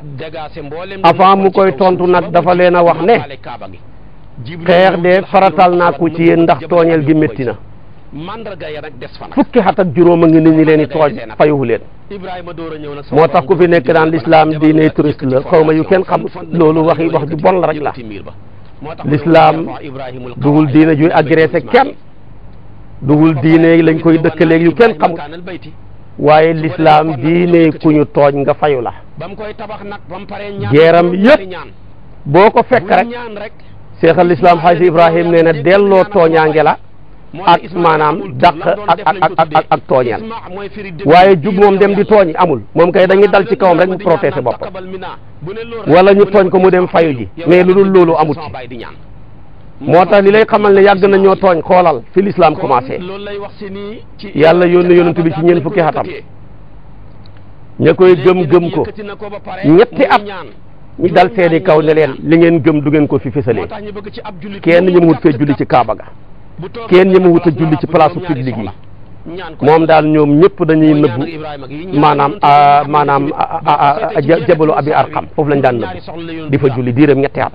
avant mu koy tontu nag dafa leen a wax ne xeex de faratal naa ko ci yéen ndax tooñeel gi métti na fukki xat ak juróom a ngi nit ñi leen di tooñ fayuhu leen moo tax ku fi nekk naan lislaam diine touriste la xaw ma yu kenn xamut loolu waxi wax ju bon la rek la lislaam dugul diine juy agressé kenn dugul diine lañ koy dëkk dëkkaleeg yu kenn xamut waaye lislaam diine ku ñu tooñ nga fayu la jeeram yëpp boo ko fekk rek cheikh al islam haji ibrahim neena delo toñange la ak manam dak ak ak ak ak tooñeel waaye jub mom dem di toñ amul mom kay dañuy dal ci kawam rek mu protéger bop wala ñu toñ ko mu dem fayu ji mais lulul lolu amul ci motax tax li lay xamal ne yag na ñoo tooñ fi l'islam commencé yàlla yónni yonent bi ci ñeen fukki xatam ñakoy gem gem ko ñetti at ñi dal seeni kaw ne leen li ngeen gëm du ngeen ko fi fësalee kenn ñemewut fee julli ci kaaba ga kenn ñemewut a julli ci place publique yi moom daal ñoom ñëpp dañuy nëbbu maanaam ah, maanaam ah, ah, jabalu abi arqam foofu lañ daan nëbbu di fa julli diiram ñetti at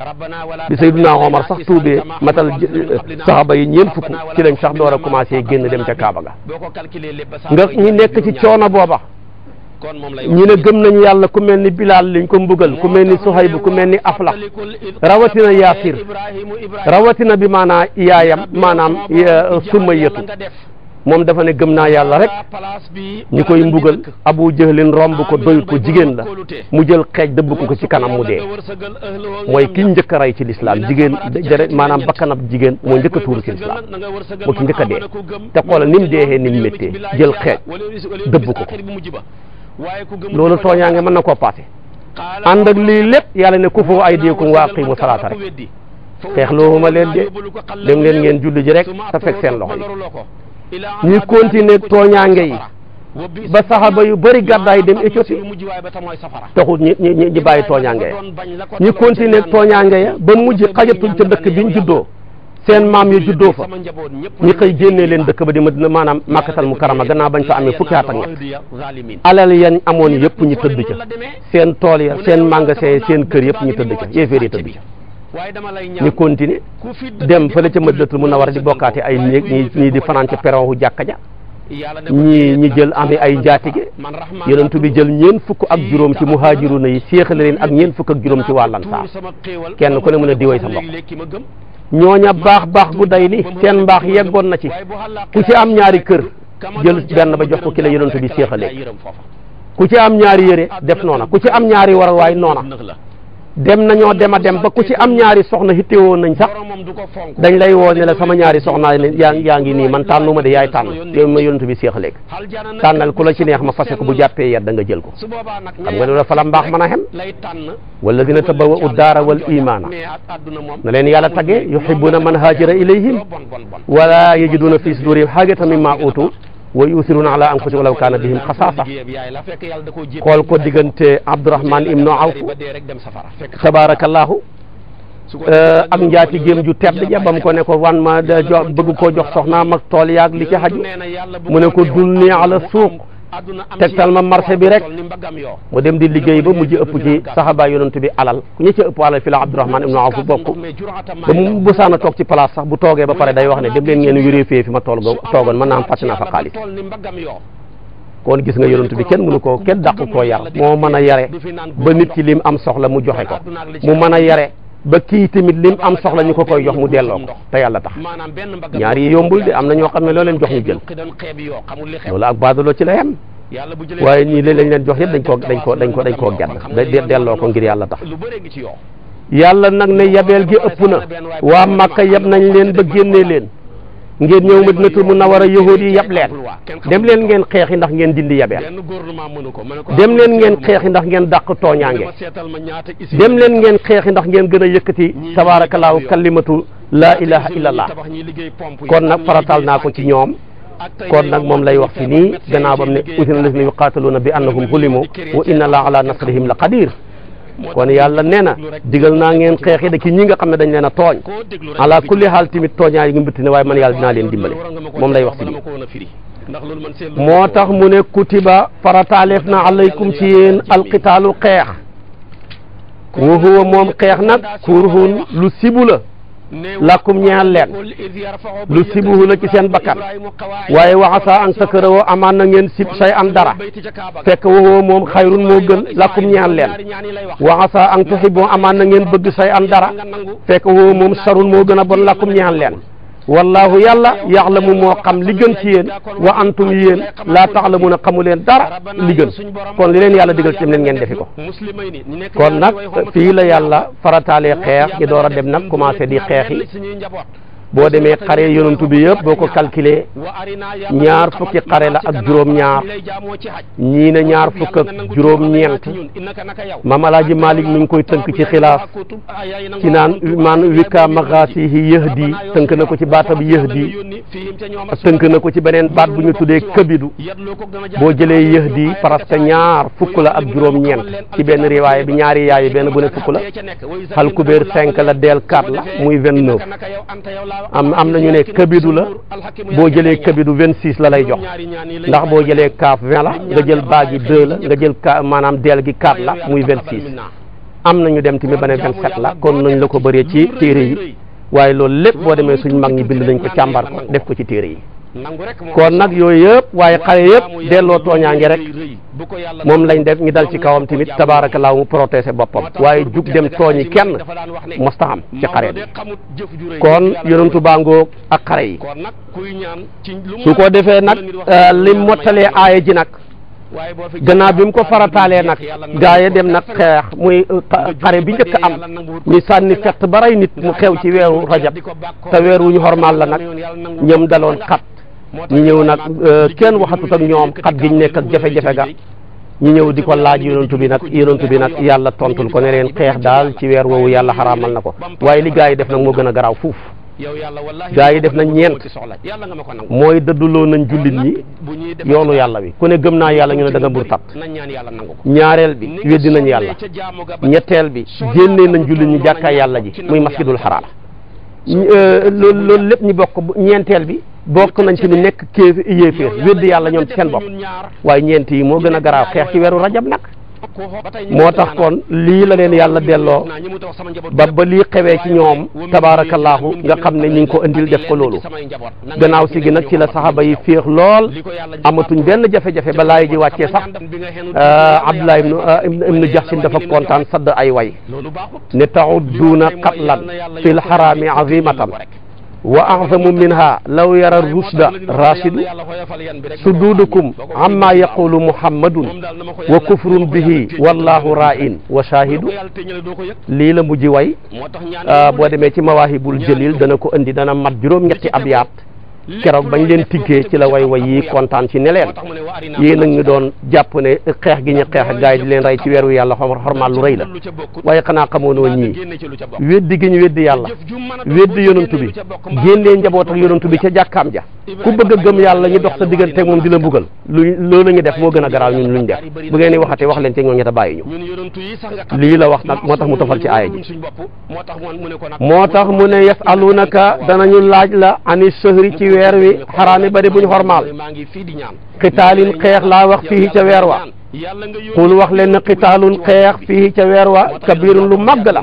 bi Sayyiduna Omar sax tuubee matal eh, saxaba yi ñeent fukk ci lañ sax door a commencé génn dem ca kaaba ga nga ñi nekk ci coono booba ñu ne gëm nañ yàlla ku mel ni Bilal liñ ko mbugal ku mel ni Suhayb ku mel ni Aflax rawatina Yaasir rawatina bi maanaa yaayam maanaam Sumayyatu moom dafa ne gëm naa yàlla rek ñi koy mbugal abu jëhlin romb ko doyut ko jigéen la mu jël xeej dëbb ko ko ci kanam mu dee mooy ki njëkk a rey ci lislaam jigéen jare maanaam bakkanab jigéen mooy njëkk a tuuru ci lislaam moo ki njëkk a dee te xoolal ni mu deexee ni mu méttee jël xeej dëbb ko ko loolu tooñaange mën na koo paase ànd ak lii lépp yàlla ne kufu aydikum wa aqimu salaata rek xeexloowuma leen de dem leen ngeen julli ji rek ta fekk seen loxo yi ñu continuer tooñaange yi ba saxaba yu bëri gàddaay dem Éthiopie taxul ñi ñi ñi bàyyi tooñaange ya ñu continuer tooñaange ya ba mujj xajatul ca dëkk biñ juddoo seen maam yi juddoo fa ñi koy génnee leen dëkk ba di madina maanaam makatal mu karama bañ fa amee fukki at ak ñett alal yañ amoon yépp ñi tëdd ca seen tool ya seen magasin ya seen kër yëpp ñu tëdd ca yéeféer yi tëdd ca ñu continue dem fële ca madinatul munawara di bokkaate ay néeg ñi ñii di fanaan ca peron wu jàkka ja ñi ñi jël ami ay njaatige yonentu bi jël ñeen fukk ak juróom ci muhajiruna yi séexale leen ak ñeen fukk ak juróom ci wàllan saa kenn ku ne mu ne di sa mbokk ñooña baax baax bu day ni seen mbaax yeggoon na ci ku ci am ñaari kër jël benn ba jox ko ki la yonent bi séexale ku ci am ñaari yére def noona ku ci am ñaari waral waay noona dem nañoo dem a dem ba ku ci am ñaari soxna hittewoo nañ sax dañ lay woo ne la sama ñaari soxnaa yaa yaa ngi nii man tànnu ma de yaay tànn yooyu ma yonent bi seexaleeg tànnal ku la ci neex ma fase ko bu jàppee yar da nga jël ko xam nga loolu fa la mbaax mën a xem wala dina tabawa uddaara wal imaana na leen yàlla tagge yuhibbuna man haajira ilayhim wala yajiduna fi sudurihim haajatan mimma utu wa yusiruuna ala anfusihim walaw kaana bihim xasaasa xool ko diggante Abdurahman ibnu Awf tabaarakallaahu eh, ak njaati géem ju tedd ja bam ko ne ko wan ma jox bëgg koo jox soxnaam ak tool yaag li ci xaju mu ne ko dul ni ala suuq tegtal ma marché bi rek mu dem di liggéey ba mujj ëpp ci saxaba yonent bi alal ku ñi ci ëpp alal fi la Abdourahman ibnu Awf bokk ba mu bësaan a toog ci place sax bu toogee ba pare day wax ne dem leen ngeen vérifier fi ma tool toogoon mën naa am fàtte naa fa xaalis kon gis nga yonent bi kenn mënu ko kenn dàqu koo yar moo mën a yare ba nit ki lim am soxla mu joxe ko mu mën a yare ba kii tamit lim am soxla ñu ko koy jox mu delloo ko te yàlla tax ñaar yi yombul de am na ñoo xam ne loo leen jox ñu jël loolu ak baadaloo ci la yem waaye ñii li lañ leen jox yëpp dañ koo dañ koo dañ ko dañ koo gedd delloo ko ngir yàlla tax na nag ne yabeel gi ëpp na waa Màkka yab nañ leen ba génnee leen ngeen ñëw madinatul munawara yahud yi yab leen dem leen ngeen xeexi ndax ngeen dindi yabeel dem leen ngeen xeexi ndax ngeen dàq tooñaange dem leen ngeen xeexi ndax ngeen gën a yëkkati tabaarakallaahu kalimatu laa ilaha illallah koon nag faratal naa ko ci ñoom kon nag moom lay wax fi nii gannaaw bam ne usina lazina bi annahum zulimu wa inna allaha ala nasrihim la qadir kon yàlla nee na digal naa ngeen xeexi da ki ñi nga xam ne dañ leen a tooñ ala kulli haal tamit tooñaa yi nga mbitti ne waaye man yàlla dinaa leen dimbale moom lay wax si bi moo tax mu ne kutiba farataaleef na alaykum ci yéen alqitaalu xeex huwa moom xeex nag kurhun lu sibu la lakum ñaal leen lu sibuhu la ci seen bakkan waaye waxasa an sakara woo amaan na ngeen sib say an dara fekk waxoo moom xayrun moo gën lakum ñaal leen waxasa an tuhibu amaan na ngeen bëgg say an dara fekk waxoo moom sarun moo gën a bon lakum ñaal leen والله يلا يعلم مو خم لجن سين وانتم يين لا تعلمون خم لين دار لجن كون لين يالا ديغل سيم لين نين ديفيكو كون نك في لا يالا فراتالي خير كي دورا ديم نك كوماسي دي خيخي boo demee xare yonantu bi yëpp boo ko calculé ñaar fukki xare la ak juróom-ñaar ñii ne ñaar fukk ak juróom-ñeent maam alaaji Malik mi ngi koy tënk ci xilaaf ci naan man wika maxaasihi yëhdi tënk na ko ci baatab yëhdi tënk na ko ci beneen baat bu ñu tuddee këbidu boo jëlee yëhdi parce que ñaar fukk la ak juróom-ñeent ci benn riwaaya bi ñaari yaay benn bu ne fukk la xal kubéer cinq la del quatre la muy vingt neuf am am na ñu ne kabidu la boo jëlee kabidu vingt six la lay jox ndax boo jëlee kaaf vingt la nga jël baa gi deux la nga jël ka maanaam del gi quatre la muy vingt six am na ñu dem tamit ba ne vingt sept la kon nañ la ko bëree ci téere yi waaye loolu lépp boo demee suñ mag ñi bind nañ ko càmbar ko def ko ci téere yi kon nag yooyu yëpp waaye xale yëpp delloo tooñaange rek moom lañ def ñi dal ci kawam tamit tabaarakallaa mu protéger boppam waaye jug dem tooñi kenn mostaxam ci xare bi kon yonentu baangoo a xare yi su ko defee nag euh, lim mottalee aaya ji nag gannaaw bi mu ko fara taalee nag gaa yi dem nag xeex muy euh, xare bi njëkk am ñu sànni fett ba nit mu xew ci weeru rajab te weer wu ñu xormaal la nag ñoom daloon xat ñu ñëw na euh, kenn waxatut ak ñoom xat giñ nekk ak jafe-jafe ga ñu ñëw di ko laaj yonentu na nag yonentu bi nag yàlla tontul ko ne leen xeex daal ci weer woowu yàlla xaraamal na ko waaye li gaa yi def na moo gën a garaaw fuuf gaa yi def nañ ñeent mooy dëdduloo nañ jullit ñi yoonu yàlla bi ku ne gëm naa yàlla ñu ne da nga murtat ñaareel bi weddi nañ yàlla ñetteel bi génnee nañ jullit ñi jàkkaay yàlla ji muy masjidul xaraam euh, loolu loolu lépp ñu bokk ñeenteel bi bokk nañ ci ni nekk kéef yéeféer wedd yàlla ñoom ci seen bopp waaye ñeent yi moo gën a garaaw xeex ci weeru rajab nag moo tax kon lii la leen yàlla delloo ba ba lii xewee ci ñoom tabaarakallaahu nga xam ne ñu ngi ko indil def ko loolu gannaaw si gi nag ci la saxaaba yi féex lool amatuñ benn jafe-jafe ba laay ji wàccee sax Abdullah ibnu ibnu Jaxsin dafa kontaan sadd ay way ne taxudduuna qatlan fil xaraami azimatan wa axzamu minha law yara rusda rasidu suduudukum amma yaqulu muhammadun wa kufrun bihi wallahu ra'in wa shahidu lii la mujj way ah, boo demee ci mawaahibul jalil dana ko andi dana mat juróom-ñetti abyaat keroog bañ leen tiggee ci la way way yi kontaan ci ne leen yii doon jàpp ne xeex gi ñu xeex ak di leen rey ci weeru yàlla xormaal lu rëy la waaye xanaa xamoonoo ñii weddi gi ñu weddi yàlla weddi yonantu bi génnee njaboot ak yonantu bi ca jàkkaam ja ku bëgg a gëm yàlla ñu dox sa diggante di la mbugal lu loolu ñu def moo gën a garaaw ñun luñ def bu ngeen di leen ci ñoo ñett a bàyyi ñu lii la wax nag mu tofal ci aaya ji moo mu ne yasalunaka weer wi xaraami bari buñ xormaal xitaalin xeex laa wax fii ca weer wa xul wax leen ne xitaalun xeex fii ca weer wa kabiirun lu màgg la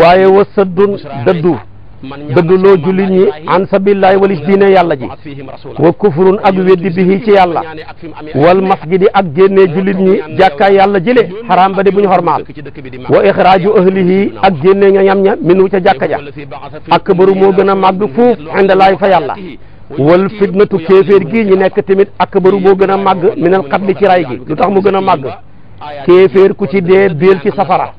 waaye wa sëddun dëddu dëggloo jullit ñi an sabillahi walis diine yàlla ji wa kufrun ak weddi bihi ci yàlla wal masjidi ak génnee jullit ñi jàkkaa yàlla jële xaraam ba di bu ñu xormaal wa ixraaju ahlihi ak génnee ña ñam ña minu ca jàkka ja akbaru moo gën a màgg fuuf indalaay fa yàlla wal fitnatu kéeféer gi ñi nekk tamit akbaru moo gën a màgg minal xatli ci ray gi lu tax mu gën a màgg kéeféer ku ci dee biel ci safara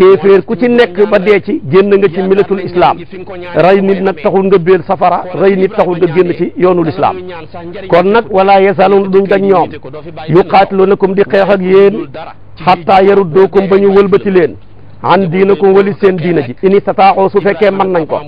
kéeféer ku ci nekk ba dee ci génn nga ci milatul islam rey nit nag taxul nga biir safara rey nit taxul nga génn ci yoonul islam kon nag wala yesaluun duñ dañ ñoom yuqaatilunakum di xeex ak yéen xatta yaruddukum ba ñu wëlbati leen an diinakum walis seen diina ji ini sataaxoo su fekkee mën ko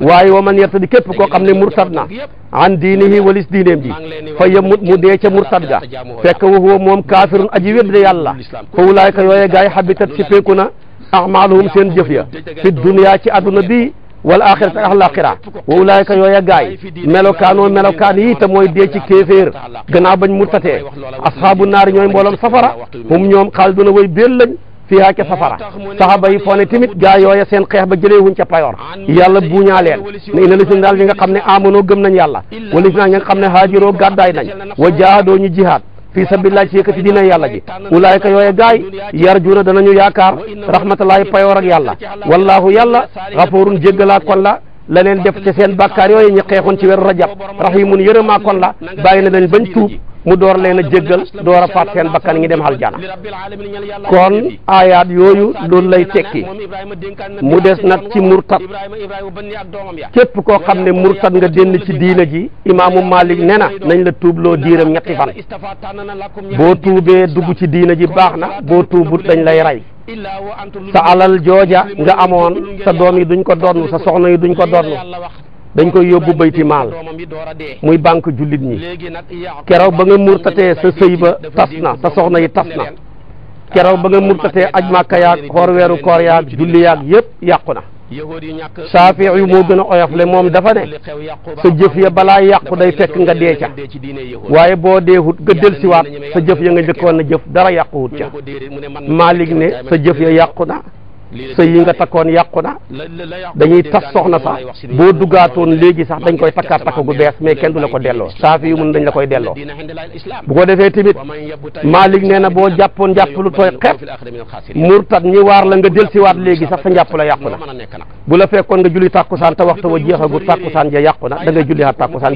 waaye wa man yartadi képp koo xam ne murtad na an diinihi walis diineem ji fa yamut mu dee murtad ga fekk wa huwa moom kaafirun aji wedde yàlla fa ulaayka yooye gaay habitat si na amaaluhum seen jëf ya fi dunya ci àdduna bi wal axirati ak alaxira wa ulaayka yooya gaay melokaanoo melokaan yi te mooy dee ci kéeféer gannaaw bañ murtatee asxaabu naari ñooy mbooloom safara hum ñoom xaaliduna way béel lañ fiihaa ca safara sahaba yi foo ne tamit gaa yooya seen xeex ba jëlee wuñ ca payoor yàlla buuñaa leen ne ina lisin daal ñi nga xam ne amonoo gëm nañ yàlla wala lisin ñi nga xam ne haajiroo gàddaay nañ wa jaahadoo ñu jihaad fii sabilillah ci yëkkati diina yàlla ji ulaayka yooye gaay yarjuuna danañu yaakaar rahmatullahi payoor ak yàlla wallahu yàlla gafuurun jéggalaa kon la la leen def ci seen bàkkaar yooyu ñu kon ci weeru rajab rahimun yërëmaa kon la bàyyi na leen bañ tuub mu door leen a jéggal door a faat seen bakkan ngi dem aljana kon ayaat yooyu loolu lay tekki mu des nag ci murtad képp koo xam ne murtad nga denn ci diina ji imaamu Malik ne na nañ la tuubloo diiram ñetti fan boo tuubee dugg ci diina ji baax na boo tuubut dañ lay rey sa alal jooja nga amoon sa doom yi duñ ko donn sa soxna yi du duñ ko donn dañ koy yóbbu bayti maal muy banque jullit ñi keroog ba nga te sa sëy ba tas na sa soxna yi tas na keroog ba nga murtatee aj màkka yaag xoor weeru koor yaag julli yaag yëpp yàqu na saafi yu moo gën a le moom dafa ne sa jëf ya balaa yàqu day fekk nga dee ca waaye boo deewut nga del siwaat sa jëf ya nga njëkkoon na jëf dara yàquwut ca Maalik ne sa jëf ya yàqu na sëy nga takkoon yàqu na tas soxna sax boo duggaatoon léegi sax dañ koy takkaat takk gu bees mais kenn la ko delloo saafi yu mun dañ la koy delloo bu defee tamit Malik nee boo jàppoon jàpp lu tooy xepp murtat ñi waar la nga del siwaat léegi sax sa njàpp la la fekkoon nga julli tàkkusaan te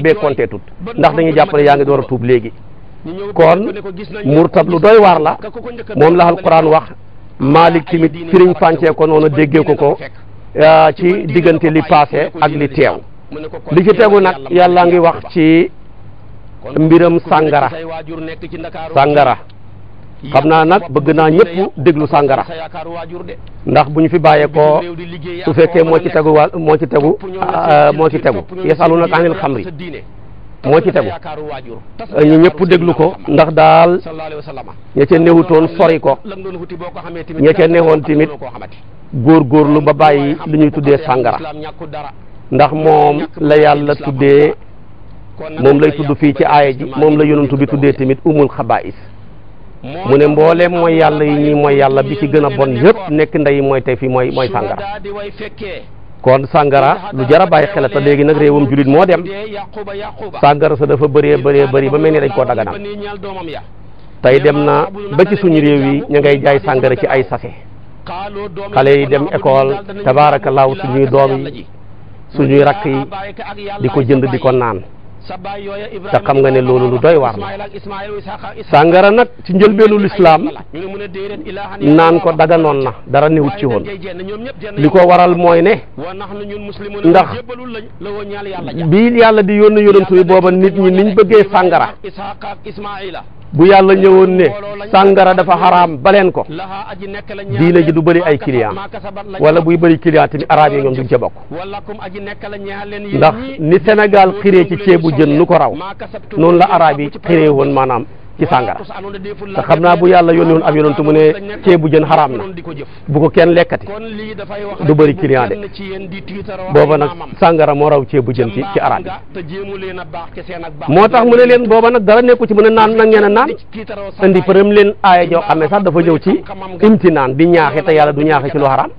bee compté tut ndax dañuy jàpp yaa ngi door a tuub léegi kon murtat lu doy waar la moom la alquran wax Malik tamit firiñ fàncee ko noonu déggee ko ko euh, ci diggante li passé ak li teew li ci tegu nag yàlla ngi wax ci mbiram sàngara sàngara xam naa nag bëgg naa ñëpp déglu sàngara ndax bu ñu fi bàyyeekoo su fekkee moo ci tegu wa moo ci tegu euh, moo ci tegu yasalunaka anil xamri moo ci tegu ñu ñëpp déglu ko ndax daal ña ca newutoon sori ko ña ca newoon tamit góorgóorlu ba bàyyi lu ñuy tuddee sàngara ndax moom la yàlla tuddee moom lay tudd fii ci aaya ji moom la yonantu bi tuddee tamit umul xabaa'is mu ne mbooleem mooy yàlla yi ñi mooy yàlla bi ci gën a bon yëpp nekk ndey mooy tey fii mooy mooy sàngara kon sàngara lu jar a bàyyi xel te léegi nag réewam julit moo dem sàngara sa dafa bëree bëree bëri ba mel ni dañ koo daganal tey dem na ba ci suñu réew yi ñu ngay jaay sàngara ci ay sachet xale yi dem école tabaarakallaahu suñuy doom yi suñuy rakk yi di ko jënd di ko naan te xam nga ne loolu lu doy waar la sàngara nag ci njëlbeenu lislaam naan ko noon na dara newut ci woon li ko waral mooy ne ndax bi yàlla di yónni yonantu yi booba nit ñi niñ bëggee sangara sàngara bu yàlla ñëwoon ne sàngara dafa xaraam baleen ko diine ji du bëri ay client wala buy bëri client tamit arabe yi ñoom duñ ca bokk ndax ni Sénégal xiree ci ceebu jën nu ko raw noonu la arabe yi xiree woon maanaam ci sàngara te xam na bu yàlla yónni woon ab yonantu mu ne ceebu jën xaraam na bu ko kenn lekkati du bëri client de booba nag sàngara moo raw ceebu jën ci ci arab yi moo tax mu ne leen booba nag dara nekku ci mu ne naan na ngeen a naan indi përëm leen aaya joo xamee sax dafa ñëw ci imtinaan di ñaaxe te yàlla du ñaaxe ci lu xaraam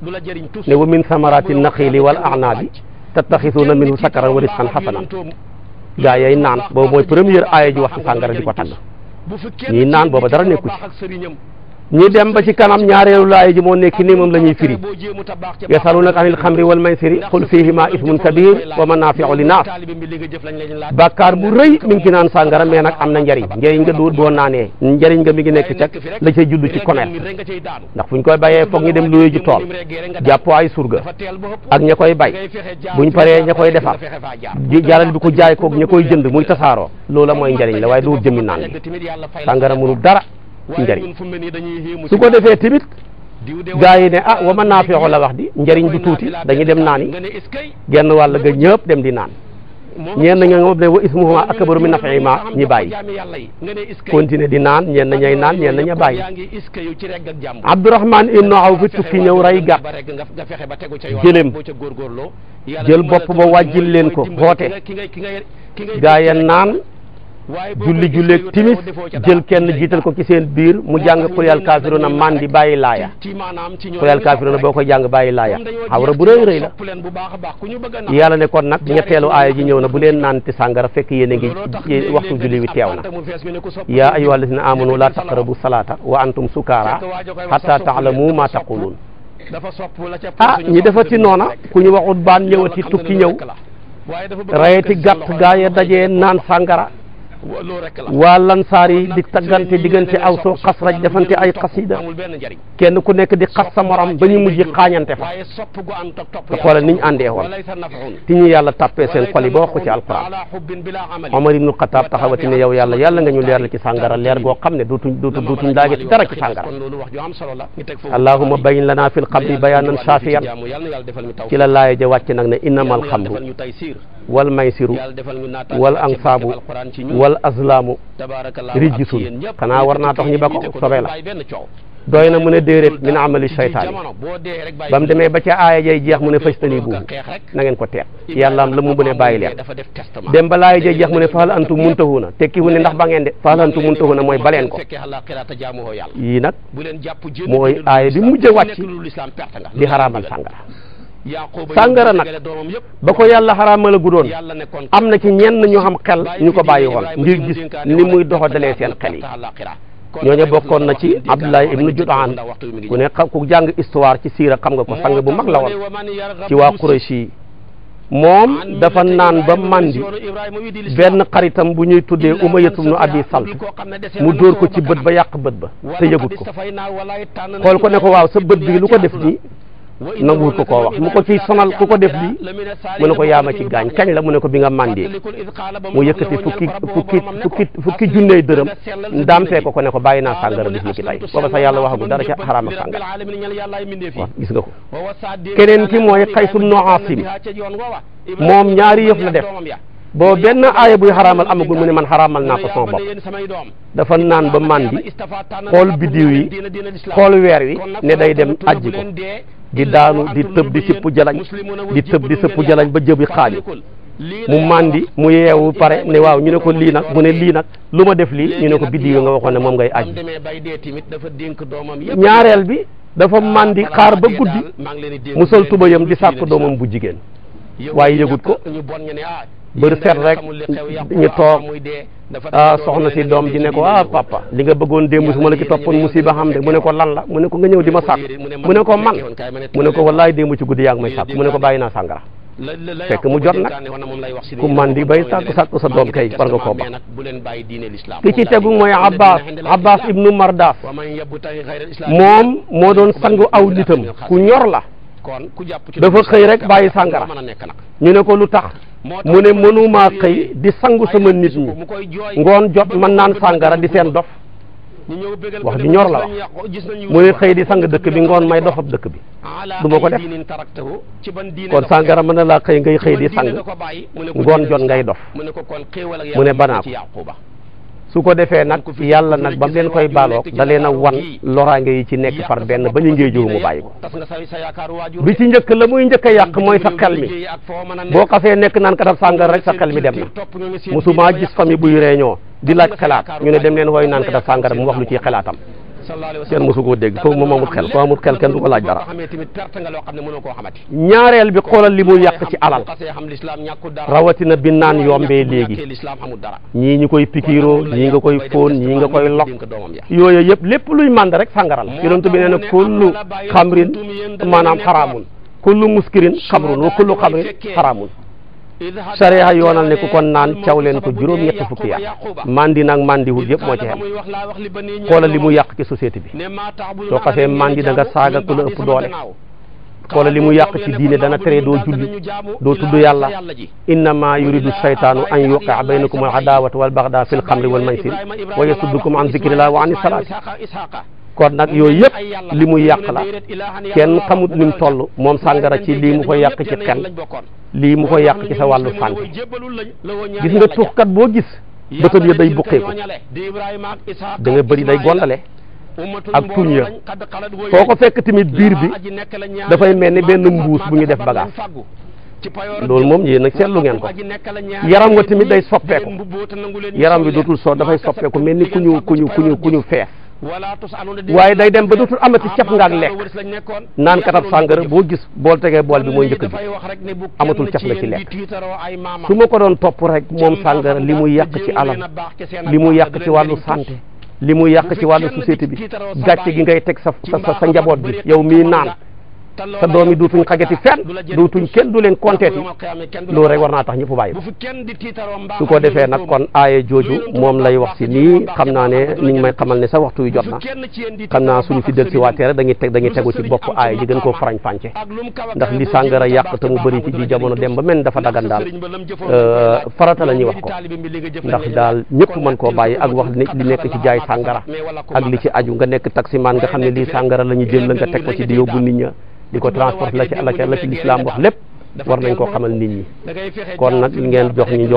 ne wa min na naxiili wal a'naabi tattaxisuuna minhu sakaran wa risqan xasanan gaa yay naan boobu mooy première aaya ji wax ci sàngara di ko tàgg ñuy naan booba dara nekku ci ñu dem ba ci kanam ñaareelu laaya ji moo nekk moom la ñuy firi yasalunaka anil xamri wal maysiri qul fihima ismun kabir wa manafiu linnaas bàkkaar bu rëy mi ngi ci naan sàngara mais nag am na njëriñ njëriñ nga duut boo naanee njëriñ nga mi ngi nekk cag la cay judd ci commerce ndax fu ñu koy bayee foog ñu dem luye ji tool jàpp ay surga ak ña koy bay buñ paree ña koy defar jaral bi ko jaay koog ña koy jënd muy tasaaroo loola mooy njëriñ la waaye duut jëmi naan bi sàngara mënul ci njëriñ su ko defee tamit gaa yi ne ah wa ma la wax di njëriñ du tuuti dañuy dem naani genn wàll ga ñëpp dem di naan ñeen nga moom ne wa ismuhuma akbaru min nafihima ñi bàyyi continuer di naan ñeen nañay naan ñeen naña bàyyi abdourahman ibnu aw tukki ñëw ray gàtt jëlem jël bopp ba wàjjil leen ko xoote gaa ya naan julli julleeg timis jël kenn jiital ko ci seen biir mu jàng qul yal kaafiruuna mandi bàyyi laaya qul yal kaafiruuna boo koy jàng laaya awra bu rëy rëy la yàlla ne kon nag ñetteelu aaya ji ñëw na bu leen naan ti sàngara fekk yéen a ngi waxtu julli wi teew na yaa ayyuha allazina amanu la taqrabu salata wa antum sukaara hatta taalamu ma taquluun ah ñi dafa ci noona ku ñu waxut baan ñëwati tukki ñëw rayeti gàtt gaa ya dajee naan sàngara waa lansaar yi di taggante diggante aw soo xas raj defante ay xasida kenn ku nekk di xas sa morom ba ñu mujj xaañante fa te xoolal ni ñu àndee woon ti ñu yàlla tàppee seen xol yi ba wax ko ci alquran Omar ibnu Xataab taxawati ne yàlla nga ñu leer la ci sàngara leer goo xam ne dootuñ dootu dootuñ daagati dara ci sàngara allahumma bayin lana fil xamri bayanan saafiyan ci laaya ja wàcc nag ne innamal xamru wal maysiru wal ansaabu wal azlaamu rijjisun xanaa war naa tax ñu ba ko sobe la doy na mu ne déeréet min amali seytaane ba mu demee ba ca aaya jay jeex mu ne na ngeen ko teet yàllaam la mu mu ne bàyyi leen dem ba laaya jay jeex mu ne fahal antum muntahuuna tekki wu ne ndax ba ngeen de fahal antum muntahuuna mooy baleen ko yii nag mooy aaya bi mujj a wàcc di xaraamal sàngara sàngara nag ba ko yàlla xaraamala gudoon am na ci ñenn ñu xam xel ñu ko bàyyi woon ngir gis ni muy doxa dalee seen xel yi ñooñu bokkoon na ci Abdullah ibnu Judaan ku ne ku jàng histoire ci siira xam nga ko sang bu mag la woon ci waa Quraysh yi moom dafa naan ba mandi benn xaritam bu ñuy tuddee Umayyatu ibnu Abi Salt mu dóor ko ci bët ba yàq bët ba te yëgut ko xool ko ne ko waaw sa bët bi lu ko def nii nanguwul ko koo wax ko ciy sonal ku def lii mu ne ko yaama ci gaañ kañ la mu ne ko bi nga mandee mu yëkkati fukki fukki fukki fukki junney dërëm ndaamtee ko ko ne ko bàyyi naa sàngara bis ni ki tey booba sax yàlla waxagul dara ci xaraam ak sàngara waaw gis nga ko keneen ki mooy xaysul noasim moom ñaari yëf la def boo benn aaya buy xaraamal amagul mu ne man xaraamal naa ko sama bopp dafa naan ba mandi xool biddiw yi xool weer wi ne day dem ajji ko di daanu di tëb di sippu jalañ di tëb di sëpp jalañ ba jëbi xaali mu mandi mu yeewu pare ne waaw ñu ne ko lii nag mu ne lii nag lu ma def lii ñu ne ko biddi nga waxoon ne moom ngay aj ñaareel bi dafa mandi xaar ba guddi mu sol tubayam di sàkk doomam bu jigéen waaye yëgut ko bër set rek ñu toog ah soxna si doom ji ne ko ah papa li nga bëggoon démb su ma la ki toppoon musiba xam de mu ne ko lan la mu ne ko nga ñëw di ma sàkk mu ne ko man mu ne ko wallaay démb ci guddi yaag may sàkk mu ne ko bàyyi naa sàngara mu jot nag ku man di bay sàkk sàkk sa doom kay war nga koo ba ki ci tegu mooy abbas abbas ibnu mardas mom moo doon sangu aw litam ku ñor la dafa xëy rek bàyyi sàngara ñu ne ko lu tax mu ne mënumaa xëy di sangu sama nit ñi ngoon jot man naan sàngara di seen dof wax bi ñor la wax mu ne xëy di sang dëkk bi ngoon may doxab dëkk bi du ma ko def kon sàngara mën na laa xëy ngay xëy di sang ngoon jot ngay dof mu ne banaa ko su ko defee nag yàlla nag ba mu leen koy baaloog da leen a wan loraange yi ci nekk par benn ba ñu ngee jow mu bàyyi ko bi ci njëkk la muy njëkk a yàq mooy sa xel mi boo xasee nekk naan katab sàngar rek sa xel dem na musuma gis famille buy réunion di laaj xalaat ñu ne dem leen woy naan katab sàngar mu wax lu ciy xalaatam kenn mosu koo dégg kooku moom amul xel koo amul xel kenn du ko laaj dara ñaareel bi xoolal li muy yàq alal rawatina bi naan yombee léegi ñii ñu koy pikiiroo ñii nga koy fóon ñii nga koy lok yooyu yëpp lépp luy mànd rek sàngara la yonent bi nee na kullu xamrin maanaam xaraamun kullu muskirin xamrun wa kullu xamrin xaraamun sariya yoonal ne ku kon naan caw leen ko juróom ñetti fukki yàq mandi nag mandi wut yëpp moo ci xam xoolal li mu yàq ci société bi soo xasee mandi da nga saaga ku la ëpp doole xoolal li mu yàq ci diine dana tere doo julli doo tudd yàlla innama yuridu shaytaanu an yuqia baynakum al adawata wal bagda fi l xamri wal maysir wa yasuddukum an zikrillah wa an salaati kon nak yoy yep limu yak la kenn xamut nim tollu mom sangara ci limu ko yak ci xel limu ko yak ci sa walu santé gis nga kat bo gis bëtam ya day ko da nga bari day gondalé ak tuñu ya fekk timit bir bi da fay melni benn mbuus bu ñu def bagage lol mom yéen nak seetlu ngeen ko yaram nga timit day ko yaram bi dootul so da fay soppé ko melni kuñu kuñu kuñu kuñu ñu waaye day dem ba dootul amati caf ngaag lekk naan katab sàngara boo gis bool tegee bool bi mooy njëkk bi amatul caf la ci lekk su ma ko doon topp rek moom sàngara li muy yàq ci alam li muy yàq ci wàllu santé li muy yàq ci wàllu société bi gàcce gi ngay teg sa sa sa njaboot bi yow mii naan sa du fuñ xageti fen du tuñ kenn du len konteeti lo rek warna tax ñepp bayyi su ko defé nak kon ayé joju mom lay wax ci ni xamna né ni ngi may xamal né sa waxtu yu jotna xamna suñu fi del si waatee rek tek da ngay teggu ci bokk ayé ji gën ko farañ fanché ndax li sangara yaq te mu bëri ci di jamono dem ba men dafa dagan euh farata la wax ko ndax dal ñepp man ko bayyi ak wax li nekk ci jaay sangara ak li ci aju nga nekk nga xamné li sangara jël la nga tek ko ci di yobu nit ñi di ko transporté la ci la ci lislaam wax lépp war nañ koo xamal nit ñi kon nag li ngeen jox ñu jox